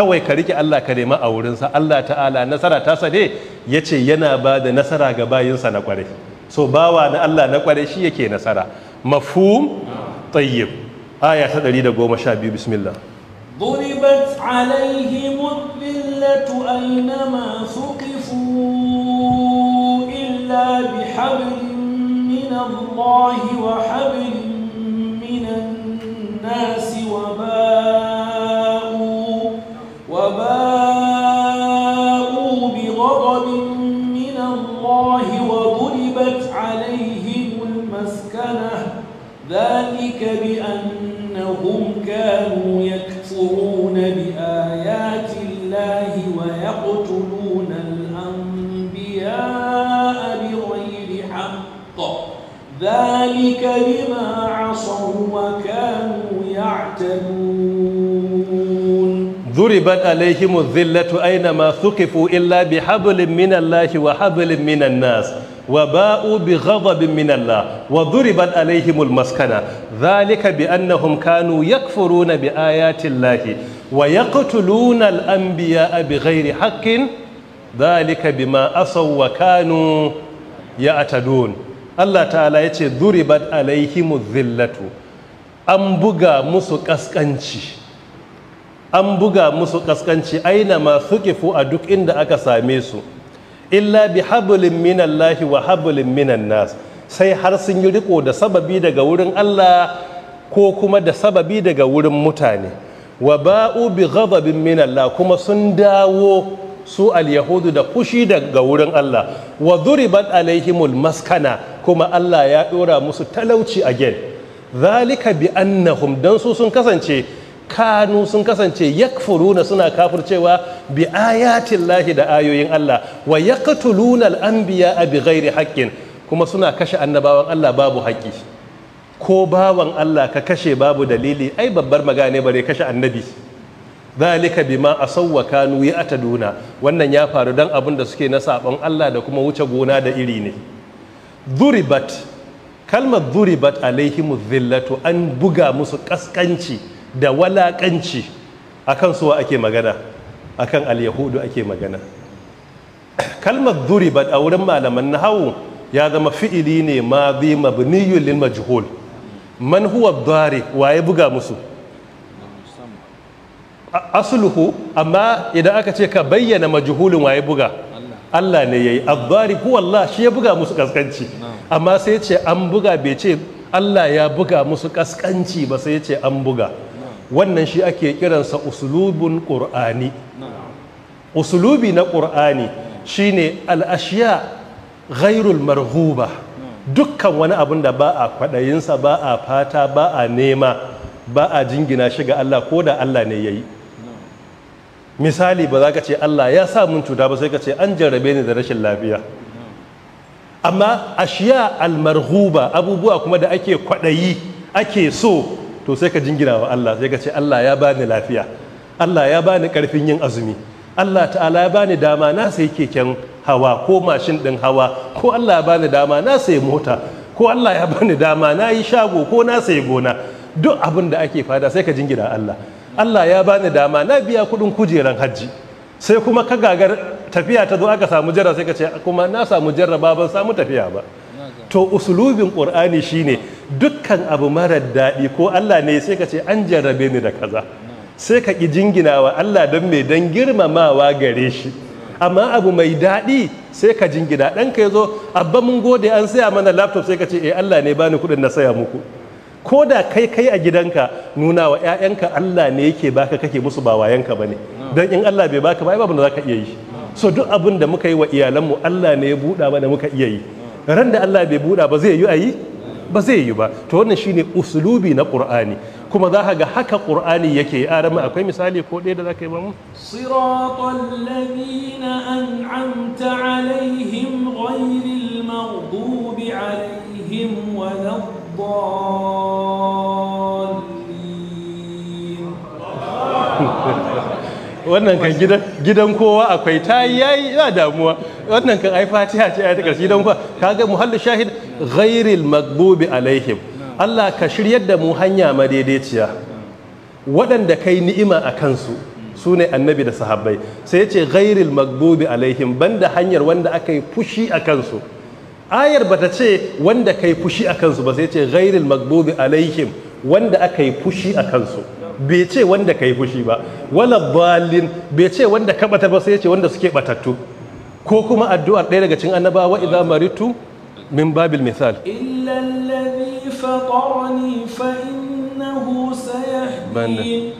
kawai ka rike Allah ka nema a wurinsa Allah ta'ala nasara ta sade ya ce yana ba da nasara ga bayinsa na kware so bawa na Allah na kware shi yake nasara mafhum tayyib aya ta 112 bismillah ضربت عليهم الذلة أينما ثقفوا إلا بحبل من الله وحبل بما عصوا وكانوا يعتدون ضربت عليهم الذلة أينما ثقفوا إلا بحبل من الله وحبل من الناس وباءوا بغضب من الله وضربت عليهم المسكنة ذلك بأنهم كانوا يكفرون بآيات الله ويقتلون الأنبياء بغير حق ذلك بما أصوا وكانوا يعتدون Allah ta'ala ya ce duribat alaihimu zillatu an buga musu kaskanci an buga musu kaskanci aina masu kifu a duk inda aka same su illa bi hablin minallahi wa hablin minan nas sai har sun yi riko da sababi daga wurin Allah ko kuma da sababi daga wurin mutane wa ba'u bi ghadabin minallah kuma sun dawo su al da fushi daga wurin Allah wa duribat alaihimul maskana kuma Allah ya dora musu talauci a again zalika bi annahum dan su sun kasance kanu sun kasance yakfuruna suna kafircewa bi ayatin lahi da ayoyin Allah wa yaqtuluna al-anbiya bi ghairi haqqin kuma suna kashe annabawan Allah babu haƙƙi ko bawan Allah ka kashe babu dalili ai babbar magane bare kashe annabi zalika bima asawwa kanu ya'taduna wannan ya faru dan abin da suke na sabon Allah da kuma wuce gona da iri ne dhuribat kalmar dhuribat alaihimu dhillatu an buga musu kaskanci da walakanci akan suwa ake magana akan alyahudu ake magana kalmar dhuribat a wurin malaman nahawu ya zama fi'ili ne madhi mabniyyun lil majhul man huwa dhari waye buga musu asluhu amma idan aka ce ka bayyana majuhulin waye buga Allah ne yayi azzari huwa Allah shi ya buga musu kaskanci amma sai ce an buga bai ce Allah ya buga musu kaskanci ba sai ce an buga wannan shi ake kiransa uslubun qur'ani Uslubi na qur'ani shine al-ashiya ghairul marghuba dukkan wani abun da ba a kwadayinsa ba a fata ba a nema ba a jingina shi ga Allah ko da Allah ne yayi misali ba za ka ce Allah ya sa mun cuta ba sai ka ce an jarrabe ni da rashin lafiya amma ashiya almarhuba abubuwa kuma da ake kwaɗayi ake so to sai ka jingina wa Allah sai ka ce Allah ya bani lafiya Allah ya bani karfin yin azumi Allah ta'ala ya bani dama na sai keken hawa ko mashin ɗin hawa ko Allah ya bani dama na sai mota ko Allah ya bani dama na yi shago ko na sai gona duk abin da ake fada sai ka jingina Allah Allah ya bani dama na biya kudin kujeran hajji sai kuma ka gagar tafiya ta zo aka samu jarra sai ka ce kuma na samu jarra ban samu tafiya ba to usulubin ƙur'ani shine dukkan abu mara daɗi ko Allah ne sai ka ce an jarrabe ni da kaza sai ka ƙi jinginawa Allah dan mai dan girmamawa gare shi amma abu mai daɗi sai ka jingina ɗanka ya zo abba mun gode an saya mana laptop sai ka ce eh Allah ne bani kuɗin na saya muku ko da kai kai a gidanka nuna wa 'ya'yanka Allah ne yake baka kake musu ba wayanka ne. Don in Allah bai baka ba babu da zaka iya yi so duk abin da muka yi wa iyalanmu Allah ne ya buɗa mana muka iya yi ran da Allah bai buɗa ba zai yi a yi ba zai yi ba to wannan shine usulubi na qur'ani kuma za ka ga haka qur'ani yake yi arama akwai misali ko ɗaya da za ka yi ba mu siratal ladina an'amta alaihim ghayril maghdubi alaihim wa [LAUGHS] wannan kan gidan kowa akwai ta yayi ya damuwa wannan kan ai fatiha ce ai ta karshe gidan kowa kaga muhallu shahid ghairil maghdubi alaihim Allah ka shiryar da mu hanya madaidaiciya waɗanda kai ni'ima a kansu su ne annabi da sahabbai sai ya ce ghairil maghdubi alaihim banda hanyar wanda aka yi fushi a kansu ayar bata ce wanda kai fushi a kansu ba sai ce ghairil magbubi alaihim wanda aka yi fushi a kansu bai ce wanda kai fushi ba wala balin bai ce wanda ka bata ba sai ce wanda suke batattu ko kuma addu'ar ɗaya daga cikin annabawa idza maritu min babil misal illa alladhi fatarani fa innahu sayahdin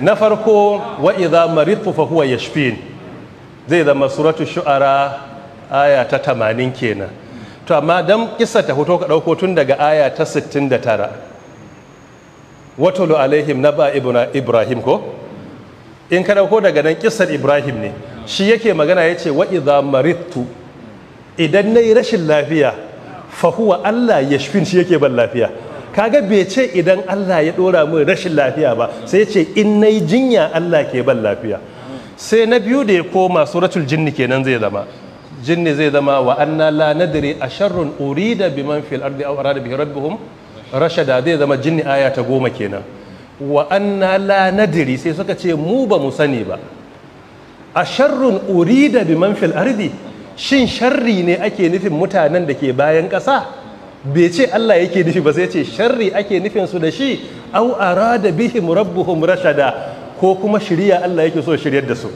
na farko wa idza fahuwa fa huwa yashfin zai zama suratu shu'ara aya ta tamanin kenan to amma dan kisa ta hoto ka dauko tun daga aya ta 69 watulu alaihim naba ibna ibrahim ko in ka dauko daga nan kissar ibrahim ne shi yake magana yace wa wa'iza maritu idan nayi rashin lafiya fa huwa Allah yashfin shi yake ban lafiya kaga bai ce idan Allah ya dora min rashin lafiya ba sai ce in nayi jinya Allah ke ban lafiya sai na biyu da ya koma suratul jinni kenan zai zama jinni zai zama wa anna la nadri asharrun urida biman fil ardi aw arada bihi rabbuhum rashada zai zama jinni aya ta goma kenan wa anna la nadri sai suka ce mu ba mu sani ba asharrun urida biman fil ardi shin sharri ne ake nufin mutanen da ke bayan ƙasa bai ce Allah yake nufi ba sai ce sharri ake nufin su da shi au arada bihim rabbuhum rashada ko kuma shiriya Allah yake so shiryar da su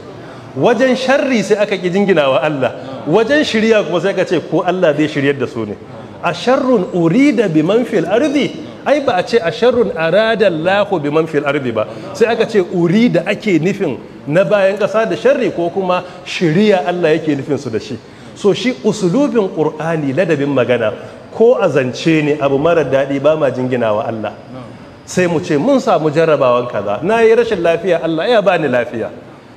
wajen sharri sai aka ki jinginawa Allah wajen shirya kuma sai aka ce ko Allah zai shiryar da su ne a sharrun urida bi man fil ardi ai ba a ce a sharrun arada Allahu bi man fil ardi ba sai aka ce urida ake nufin na bayan ƙasa da sharri ko kuma shirya Allah yake nufin su da shi so shi usulubin qur'ani ladabin magana ko a zance ne abu mara daɗi ba ma jingina wa Allah sai mu ce mun samu jarrabawan kaza na yi rashin lafiya Allah ya bani lafiya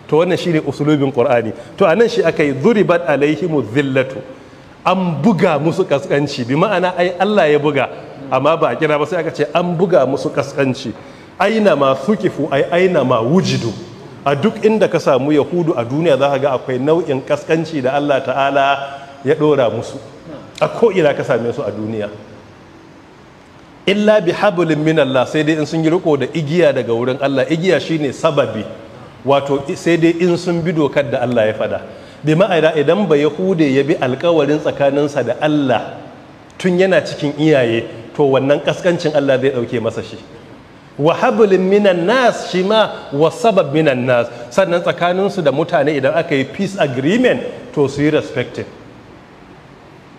to wannan shine usulubin ƙur'ani, to anan shi aka yi alaihi mu zillatu an buga musu kaskanci bi ma'ana ai Allah ya buga amma ba a kira ba sai aka ce an buga musu kaskanci aina ma sukifu ai aina ma wujidu a duk inda ka samu yahudu a duniya za ka ga akwai nau'in kaskanci da Allah ta'ala ya ɗora musu a ko'ina ka same su a duniya illa bi habulin min Allah sai dai in sun yi riko da igiya daga wurin Allah igiya shine sababi wato sai dai in sun bi dokar da Allah ya fada bi idan ba hude ya bi alkawarin tsakaninsa da Allah tun yana cikin iyaye to wannan kaskancin Allah zai dauke masa shi wa hablin minan nas shi ma wa sabab minan nas sannan tsakaninsu da mutane idan aka yi peace agreement to su yi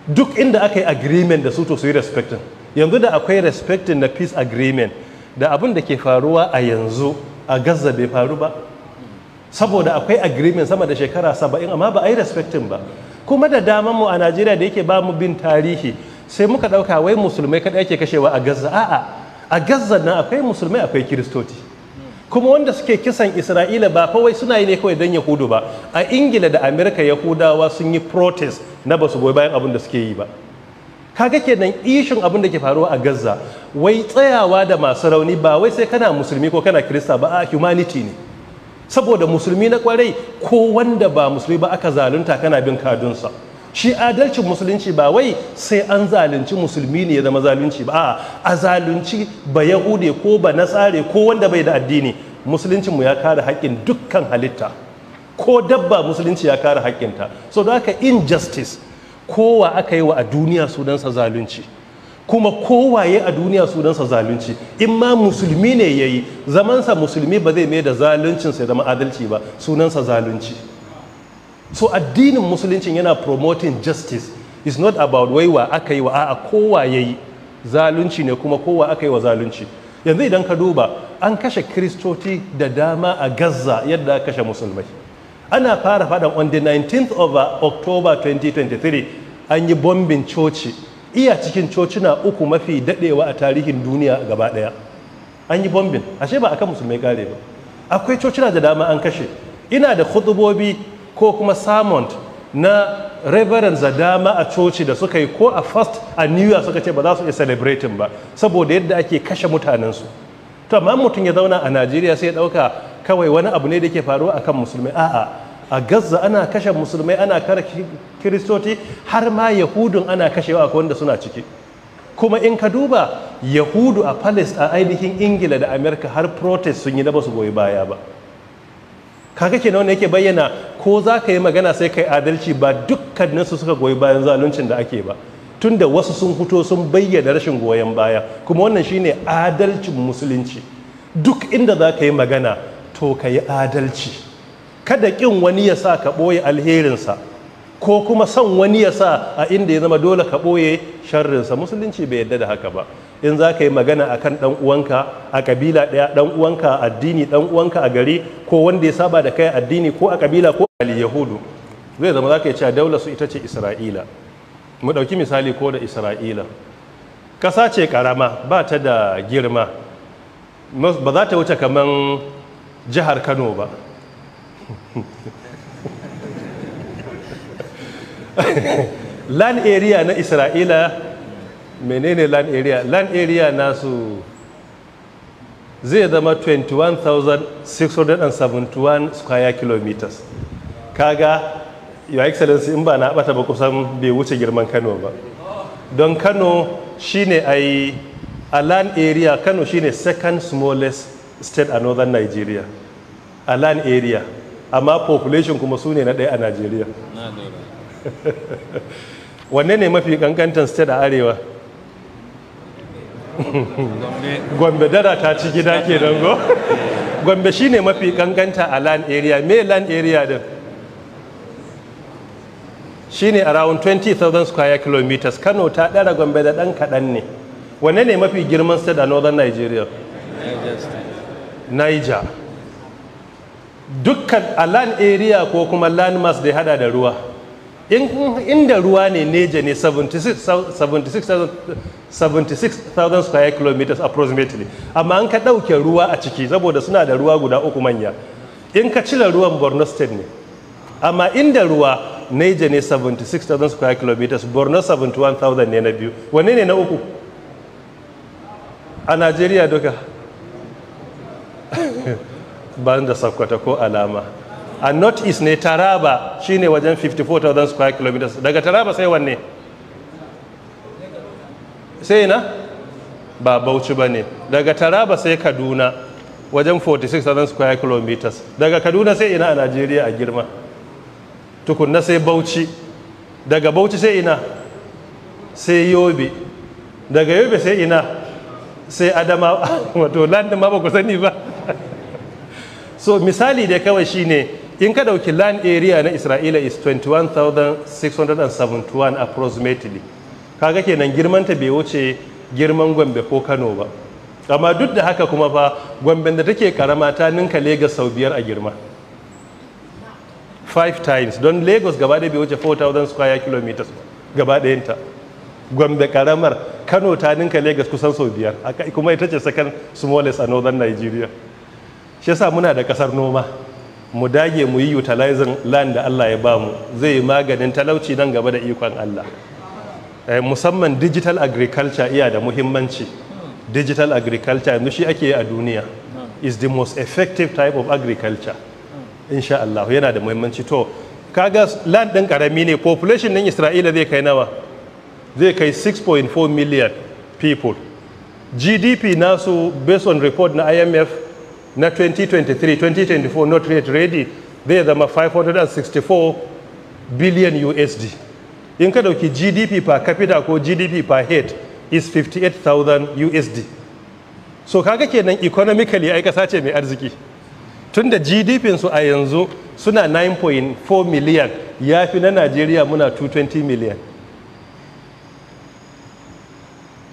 duk inda aka yi agreement da su to su yi respecting yanzu da akwai respecting na peace agreement da abin da ke faruwa a yanzu a gaza bai faru ba saboda akwai agreement sama da shekara saba'in amma ba a yi respecting ba kuma da damanmu a najeriya da yake ba mu bin tarihi sai muka ɗauka wai musulmai kaɗa ake kashewa a gaza a'a a gaza na akwai musulmai akwai kiristoci kuma wanda suke kisan isra'ila ba kawai suna yi ne kawai don yahudu ba a ingila da amerika yahudawa sun yi protest na basu goyi bayan abin da suke yi ba kaga kenan ishin abin da ke faruwa a gaza wai tsayawa da masu rauni ba wai sai kana musulmi ko kana kirista ba a humanity ne saboda musulmi na kwarai ko wanda ba musulmi ba aka zalunta kana bin kadunsa shi adalcin musulunci ba wai sai an zalunci musulmi ne ya zama zalunci ba a zalunci ba yahude ko ba na nasare ko wanda bai da addini musuluncinmu ya kare haƙƙin dukkan halitta ko dabba musulunci ya kare haƙƙinta so da aka injustice kowa aka yi wa a duniya sunansa zalunci kuma kowaye a duniya sunansa zalunci in ma musulmi ne ya yi zamansa musulmi ba zai mai da zaluncinsa ya zama adalci ba sunansa zalunci so addinin musuluncin yana promoting justice is not about waiwa aka yi wa a'a kowa yayi zalunci ne kuma kowa aka yi wa zalunci yanzu idan ka duba an kashe kristoci da dama a gaza yadda aka kashe musulmai ana fara fadan on the 19th of uh, october 2023 an yi bombin coci iya cikin na uku mafi dadewa a tarihin duniya gaba daya. an yi bombin ashe ba a kan musulmai kare ba akwai cocina da dama an kashe ina da khutubobi ko kuma samont na reverend dama a coci da suka yi ko a first a new year suka ce ba za su iya celebrating ba saboda yadda ake kashe mutanensu to amma mutum ya zauna a najeriya sai ya ɗauka kawai wani abu ne da ke faruwa akan musulmai a'a a gazza ana kashe musulmai ana kare kiristoci har ma yahudun ana kashewa akwai wanda suna ciki kuma in ka duba yahudu a palace a ainihin ingila da amerika har protest sun yi da ba su goyi baya ba kaga kenan wanda yake bayyana ko za ka yi magana sai ka yi adalci ba dukkaninsu suka goyi bayan zaluncin da ake ba tunda wasu sun fito sun bayyana rashin goyon baya kuma wannan shine adalcin musulunci duk inda za ka yi magana to ka yi adalci kada ƙin wani ya sa ka ɓoye alherinsa ko kuma son wani ya sa a inda ya zama dole ka ɓoye sharrinsa musulunci bai yadda da haka ba in za ka yi magana a kan ɗan'uwanka a ƙabila ɗaya ɗan uwanka a addini ɗan uwanka a gari ko wanda ya saba da kai addini ko a ƙabila ko a yahudu zai zama za ka yi cewa daular su ita ce isra'ila mu ɗauki misali ko da isra'ila ƙasa ce ƙarama ba ta da girma ba za ta wuce kamar jihar kano ba [LAUGHS] land area na isra'ila menene land area land area nasu zai zama 21,671 square kilometers kaga your excellency in ba na bata ba kusan bai wuce girman kano ba don kano shine ai a land area kano shine second smallest state a northern nigeria a land area amma population kuma sune ne na ɗaya a nigeria [LAUGHS] wanne ne mafi kankantan state a arewa gombe dara ta ci gida ke dango gombe shine mafi ganganta a land area me land area din shine around 20,000 square kilometers kano ta dara gombe da dan kaɗan ne wane ne mafi girman state a northern nigeria niger dukkan a land area ko kuma land mass da hada da ruwa inda ruwa ne neja ne 76,000 square kilometers approximately amma an ka ɗauke ruwa a ciki saboda suna da ruwa guda uku manya in ka cire ruwan borno state ne amma inda ruwa neja ne 76,000 square kilometers borno 71,000 ne na biyu wane ne na uku a najeriya duka [LAUGHS] ban da sakwata ko alama a north east ne taraba shine wajen 54,000 square kilometers daga taraba sai wanne sai na ba bauchi ba ne daga taraba sai kaduna wajen 46,000 square kilometers daga kaduna sai ina a najeriya a girma tukunna sai bauchi daga bauchi sai ina sai yobe daga yobe sai ina sai adama [LAUGHS] wato landin ma ba ku sani ba [LAUGHS] so misali da kawai shine ne in ka dauki land area na isra'ila is 21,671 approximately kaga kenan girmanta bai wuce girman gombe ko kano ba amma duk da haka kuma fa gwamben da take karama ta ninka lagos sau biyar a girma five times don lagos gaba ɗaya bai wuce 4,000 square kilometers gaba ɗayanta gwambe karamar kano ta ninka lagos kusan sau biyar kuma ita ce second smallest a northern nigeria shi yasa muna da kasar noma mu dage mu yi utilizing land da Allah ya bamu zai yi maganin talauci nan gaba da ikon Allah eh, musamman digital agriculture iya da muhimmanci digital agriculture yanzu shi ake yi a duniya is the most effective type of agriculture insha Allah yana da muhimmanci to kaga land ɗin karami ne population din Isra'ila zai kai nawa zai kai 6.4 million people GDP nasu based on report na IMF na 2023 2024 not yet ready zai zama 564 billion usd in ka dauki gdp per capita ko gdp per head is 58000 usd so kaga kenan economically ai kasa ce mai arziki tunda gdp su a yanzu suna 9.4 million ya fi na najeriya muna 220 million.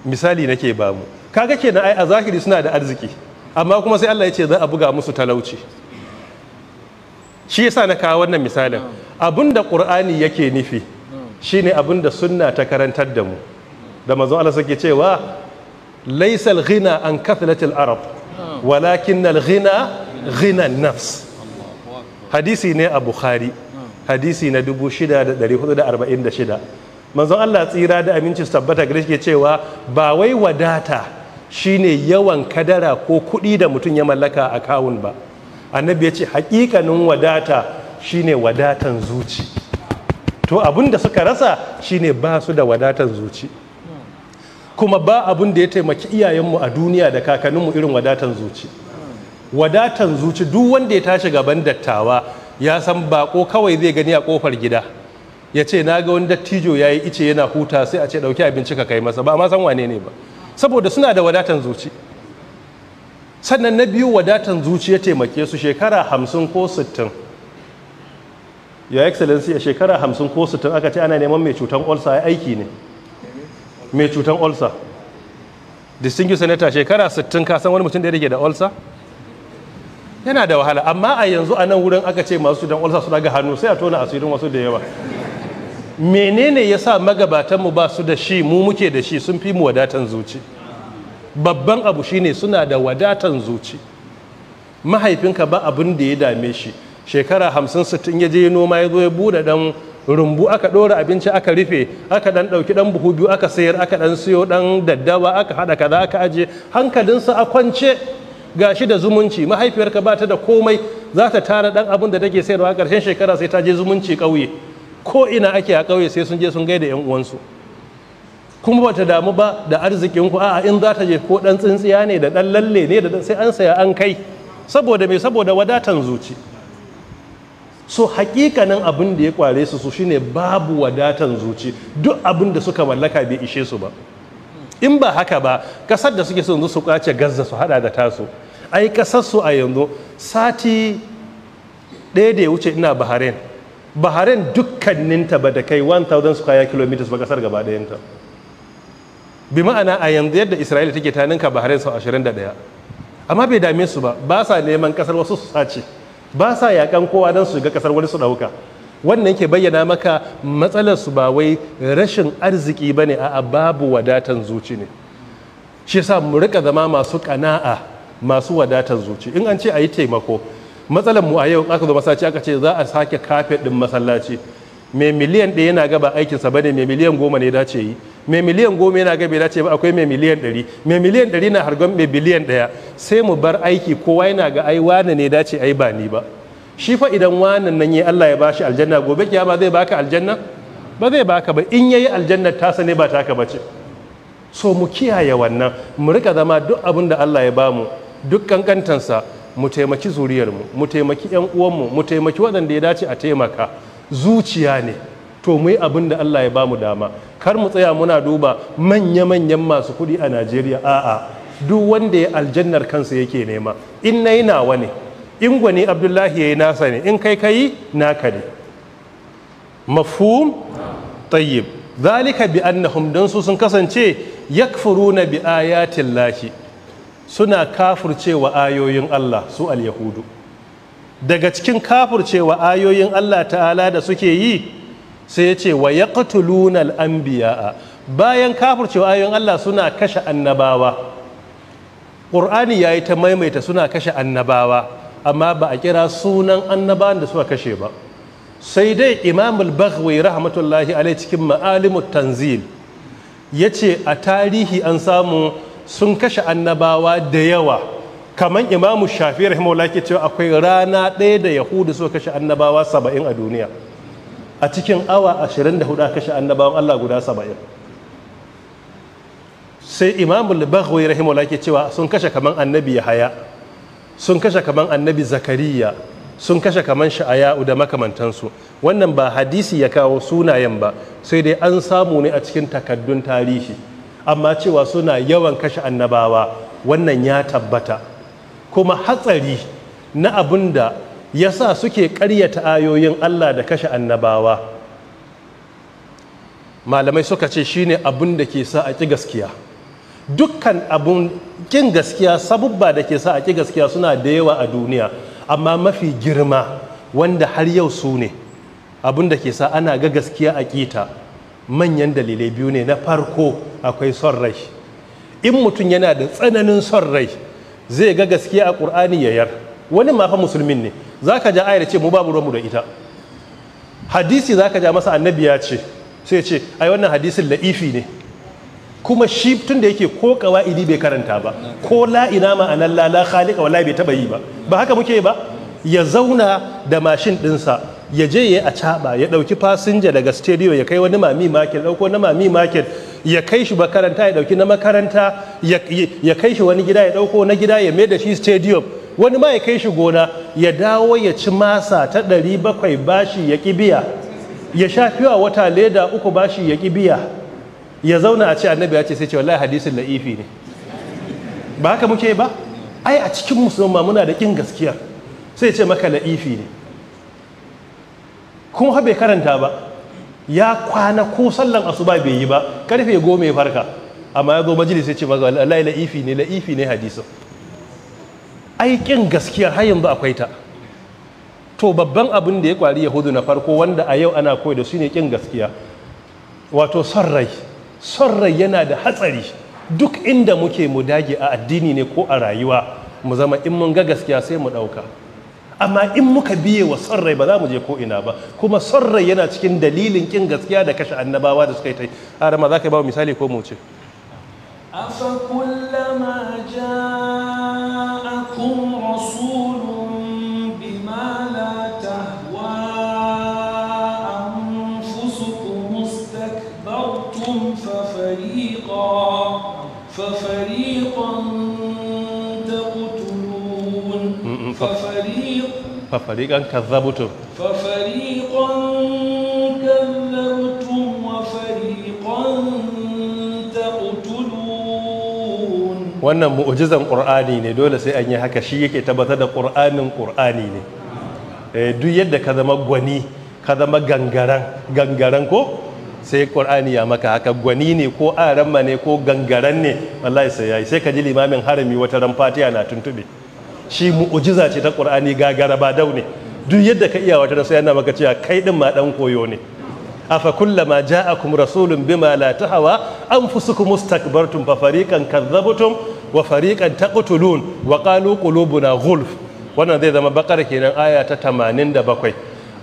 misali nake bamu kaga kenan ai a zahiri suna da arziki amma kuma sai Allah ya ce za a buga musu talauci shi yasa na kawo wannan misalin abinda qur'ani yake nufi shine abinda sunna ta karantar da mu da manzon Allah suke cewa laisal ghina an kathratil arab walakin al ghina ghina nafs hadisi ne a bukhari hadisi na 6446 manzon Allah tsira da aminci tabbata gare shi cewa ba wai wadata shine yawan kadara ko kuɗi da mutum ya mallaka a kawun ba annabi ya ce hakikanin wadata shine wadatan zuci to abin da suka rasa shine ba su da wadatan zuci kuma ba abin da ya taimaki iyayenmu a duniya da kakanninmu irin wadatan zuci wadatan zuci duk wanda ya tashi gaban dattawa ya san bako kawai zai gani a kofar gida ya ce na ga wani dattijo ya yi ice yana huta sai a ce ɗauki abinci ka kai masa ba ma san wane ne ba saboda suna da wadatan zuci sannan na biyu wadatan zuci ya taimake su shekara hamsin ko sittin ya excellency a shekara hamsin ko sittin aka ce ana neman mai cutan olsa ya aiki ne mai cutan olsa distinguished senator shekara sittin kasan wani mutum da ya da olsa yana da wahala amma a yanzu a nan wurin aka ce masu cutan olsa su daga hannu sai a tona asirin wasu da yawa menene ya sa magabatanmu ba su da shi mu muke da shi sun fi mu wadatan zuci babban abu shine suna da wadatan zuci mahaifinka ba abin da ya dame shi shekara hamsin sittin ya je noma ya zo ya buɗe ɗan rumbu aka ɗora abinci aka rufe aka ɗan ɗauki ɗan buhu biyu aka sayar aka ɗan siyo ɗan daddawa aka haɗa kaza aka aje hankalinsa a kwance gashi da zumunci mahaifiyarka ba ta da komai za ta tara ɗan abin da take sayarwa a ƙarshen shekara sai ta je zumunci ƙauye ko ina ake a ƙauye sai sun je sun gaida 'yan uwansu kuma ba ta damu ba da arzikin ku a'a in za ta je ko ɗan tsintsiya ne da ɗan lalle ne da sai an saya an kai saboda mai saboda wadatan zuci so hakikanin abin da ya kware su su shine babu wadatan zuci duk abin da suka mallaka bai ishe su ba in ba haka ba kasar da suke son su kwace gazza su hada da tasu ai kasar su a yanzu sati ɗaya da ya wuce ina bahrain baharin dukkaninta ba da kai 1000 square kilometers ba kasar gaba ta bi ma'ana a yanzu yadda isra'ila take ta ninka baharin sau 21 amma bai dame su ba ba sa neman kasar wasu su sace ba sa yakan kowa don su ga kasar wani su ɗauka wannan ke bayyana maka matsalar su ba wai rashin arziki ba ne a babu wadatan zuci ne shi sa mu rika zama masu ƙana'a masu wadatan zuci in an ce a yi taimako matsalar mu a yau aka zo masallaci aka ce za a sake kafet din masallaci mai miliyan ɗaya yana gaba ba aikinsa ba ne mai miliyan goma ne dace yi mai miliyan goma yana gaba dace ba akwai mai miliyan ɗari mai miliyan ɗari na hargon mai biliyan ɗaya sai mu bar aiki kowa yana ga ai wane ne dace ai ba ni ba shi fa idan wanan nan ya Allah ya bashi aljanna gobe kiyama zai baka aljanna ba zai baka ba in yayi aljanna ta sane ba taka bace so mu kiyaye wannan mu rika zama duk abin da Allah ya bamu duk kankantansa mu taimaki zuriyarmu mu taimaki 'yan uwanmu mu taimaki waɗanda ya dace a taimaka zuciya ne to mu yi abin da Allah ya ba mu dama kar mu tsaya muna duba manya-manyan masu kuɗi a Najeriya a'a duk wanda ya aljannar kansa yake nema in nayi nawa ne in gwani Abdullahi yayi nasa ne in kai kai naka ne mafhum tayyib zalika bi annahum dan su sun kasance yakfuruna bi ayatin lahi suna kafurcewa ayoyin Allah su al-yahudu daga cikin kafurcewa ayoyin Allah ta'ala da suke yi sai ya ce wa yaqtuluna al-anbiya'a bayan kafurcewa ayoyin Allah suna kashe annabawa ya yayi ta maimaita suna kashe annabawa amma ba a kira sunan annabawan da suka kashe ba sai dai Imam al rahmatullahi alai cikin ma'alimut tanzil ce a tarihi an samu sun kashe annabawa da yawa kamar imamu shafi rahimahullah ke cewa akwai rana ɗaya da yahudu suka kashe annabawa saba'in a duniya a cikin awa ashirin da hudu kashe annabawan allah guda saba'in sai imamu libahwai rahimahullah ke cewa sun kashe kamar annabi yahaya sun kashe kamar annabi zakariya sun kashe kamar sha'aya da makamantansu wannan ba hadisi ya kawo sunayen ba sai dai an samu ne a cikin takaddun tarihi amma cewa suna yawan kashe annabawa wannan ya tabbata kuma hatsari na abin da ya sa suke karyata ayoyin Allah da kashe annabawa malamai suka ce shine abin da ke sa a ƙi gaskiya dukkan abun ƙin gaskiya sabubba da ke sa a ƙi gaskiya suna da yawa a duniya amma mafi girma wanda har yau su ne abin da ke sa ana ga gaskiya a ƙita manyan dalilai biyu ne na farko akwai son rai in mutum yana da tsananin son rai zai ga gaskiya a ƙur'ani ya yar wani ma musulmin ne zaka ja ayar ce mu babu ruwanmu da ita hadisi zaka ja masa annabi ya ce sai ce ai wannan hadisin la'ifi ne kuma shi tun da yake ko kawaidi bai karanta ba ko la'ina ina ma'anar la la khaliqa bai taba yi ba ba haka muke ba ya zauna da mashin dinsa. ya je ya acaba ya ɗauki fasinja daga stadio ya kai wani mami market dauko na mami market ya kai shi makaranta ya ɗauki na makaranta ya kai shi wani gida ya ɗauko na gida ya mai da shi stadium wani ma ya kai shi gona ya dawo ya ci masa ta ɗari bakwai bashi ya biya ya sha fiwa wata leda uku bashi ya biya ya zauna a ce annabi ya ce sai ce wallahi hadisin la'ifi ne ba haka muke ba ai a cikin musulma muna da kin gaskiya sai ce maka la'ifi ne kuma bai karanta ba ya kwana ko sallan asuba bai yi ba karfe goma ya farka amma ya zo majalis ya ce maza Allah la'ifi ne la'ifi ne hadisin aikin gaskiya har yanzu akwai ta to babban abin da ya kwari yahudu na farko wanda a yau ana koyi da su ne kin gaskiya wato son rai son rai yana da hatsari duk inda muke mu dage a addini ne ko a rayuwa mu zama in mun ga gaskiya sai mu ɗauka amma in muka biye wa son rai ba za mu je ko ina ba kuma son rai yana cikin dalilin kin gaskiya da kashe annabawa da suka yi ta yi arama za ka yi ba misali ko mu ce أفكلما جاءكم رسول ففريقا كذبتم wannan mu'jizan ƙur'ani ne dole sai an yi haka shi yake tabbatar da qur'anin qur'ani ne eh, duk yadda ka zama gwani ka zama gangaran gangaran ko sai qur'ani ya maka haka gwani ne ko aranma ne ko gangaran ne wallahi sai yi sai ka ji limamin harami wata ran fatiha na tuntube shi mu'ujiza ce ta ƙur'ani gagara ba dau ne duk yadda ka iya wata sai yana maka cewa kai din ma dan koyo ne afa kullama ja'akum rasulun bima la tahawa anfusukum mustakbartum fa fariqan kadzabtum wa fariqan taqtulun wa qalu qulubuna ghulf wannan zai zama bakar kenan aya ta 87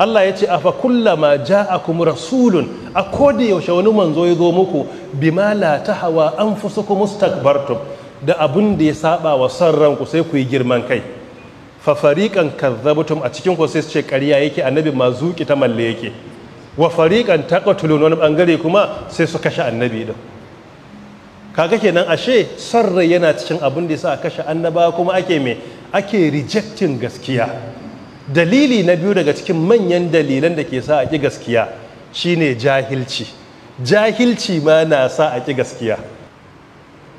Allah ya ce a fa kullama ja'akum rasulun a yaushe wani manzo ya zo muku bima la tahawa anfusukum mustakbartum da abin da ya saba wa son ku sai ku yi girman kai fa fariƙan kadzabtum a cikin ku sai su ce ƙarya yake annabi zuƙi ta malle yake wa fariƙan taqtulun wani bangare kuma sai su kashe annabi din kaga kenan ashe son rai yana cikin abin da yasa kashe annaba kuma ake me ake rejecting gaskiya dalili na biyu daga cikin manyan dalilan da ke sa a ƙi gaskiya shine jahilci jahilci ma na sa a ƙi gaskiya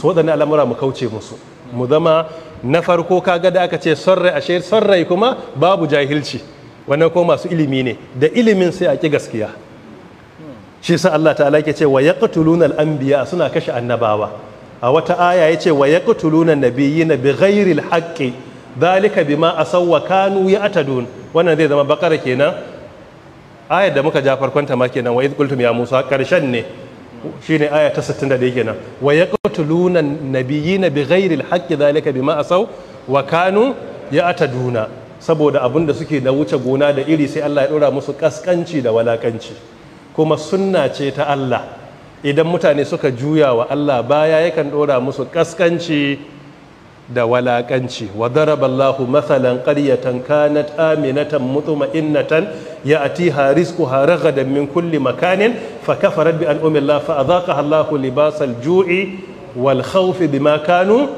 to waɗannan al'amura mu kauce musu mu zama na farko kaga da aka ce sarrai ashe sarrai kuma babu jahilci wannan ko masu ilimi ne da ilimin sai a ki gaskiya shi sa Allah ta'ala ke ce wa yaqtuluna al-anbiya suna kashe annabawa a wata aya yace wa yaqtuluna an-nabiyina bighairi al-haqqi dhalika bima asawwa kanu ya'tadun wannan zai zama bakara kenan ayar da muka ja farkon ta ma kenan wa idh qultum ya musa karshen ne shine aya ta 61 kenan wa yaqtuluna an-nabiyina bighairi al-haqqi dhalika bima asaw wa kanu ya'taduna saboda abun da suke na wuce gona da iri sai Allah ya dora musu ƙasƙanci da walakanci kuma sunna ce ta Allah idan mutane suka juya wa Allah baya yakan ɗora musu ƙasƙanci. da walakanci wa daraballahu mathalan qaryatan kanat aminatan mutma'innatan ya'tiha rizquha da min kulli makanin fa kafarat bi an'ami Allah fa adhaqaha Allahu libasal ju'i wal khawf bima kanu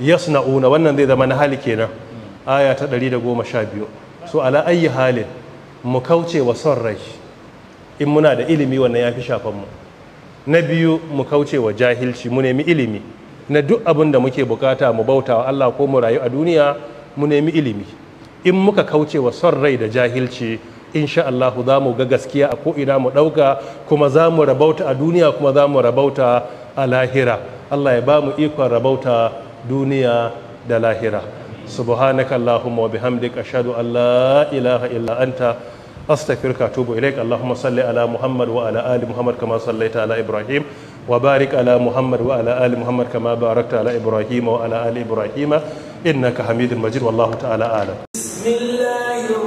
yasna'una wannan zai zama na hali kenan aya ta 112 so ala ayi halin mu kauce wa son rai in muna da ilimi wannan yafi shafan mu na biyu mu kauce wa jahilci mu nemi ilimi na duk abin da muke bukata mu bauta wa Allah ko mu rayu a duniya mu nemi ilimi in muka kauce wa son rai da jahilci insha Allah za mu ga gaskiya a ko'ina mu ɗauka kuma za mu rabauta a duniya kuma za mu rabauta a lahira Allah ya ba mu ikon rabauta duniya da lahira subhanaka Allahumma wa bihamdik ashhadu an la ilaha illa anta astaghfiruka wa atubu ilaik Allahumma salli ala Muhammad wa ali Muhammad kama sallaita ala Ibrahim وبارك على محمد وعلى آل محمد كما باركت على إبراهيم وعلى آل إبراهيم إنك حميد مجيد والله تعالى أعلم بسم الله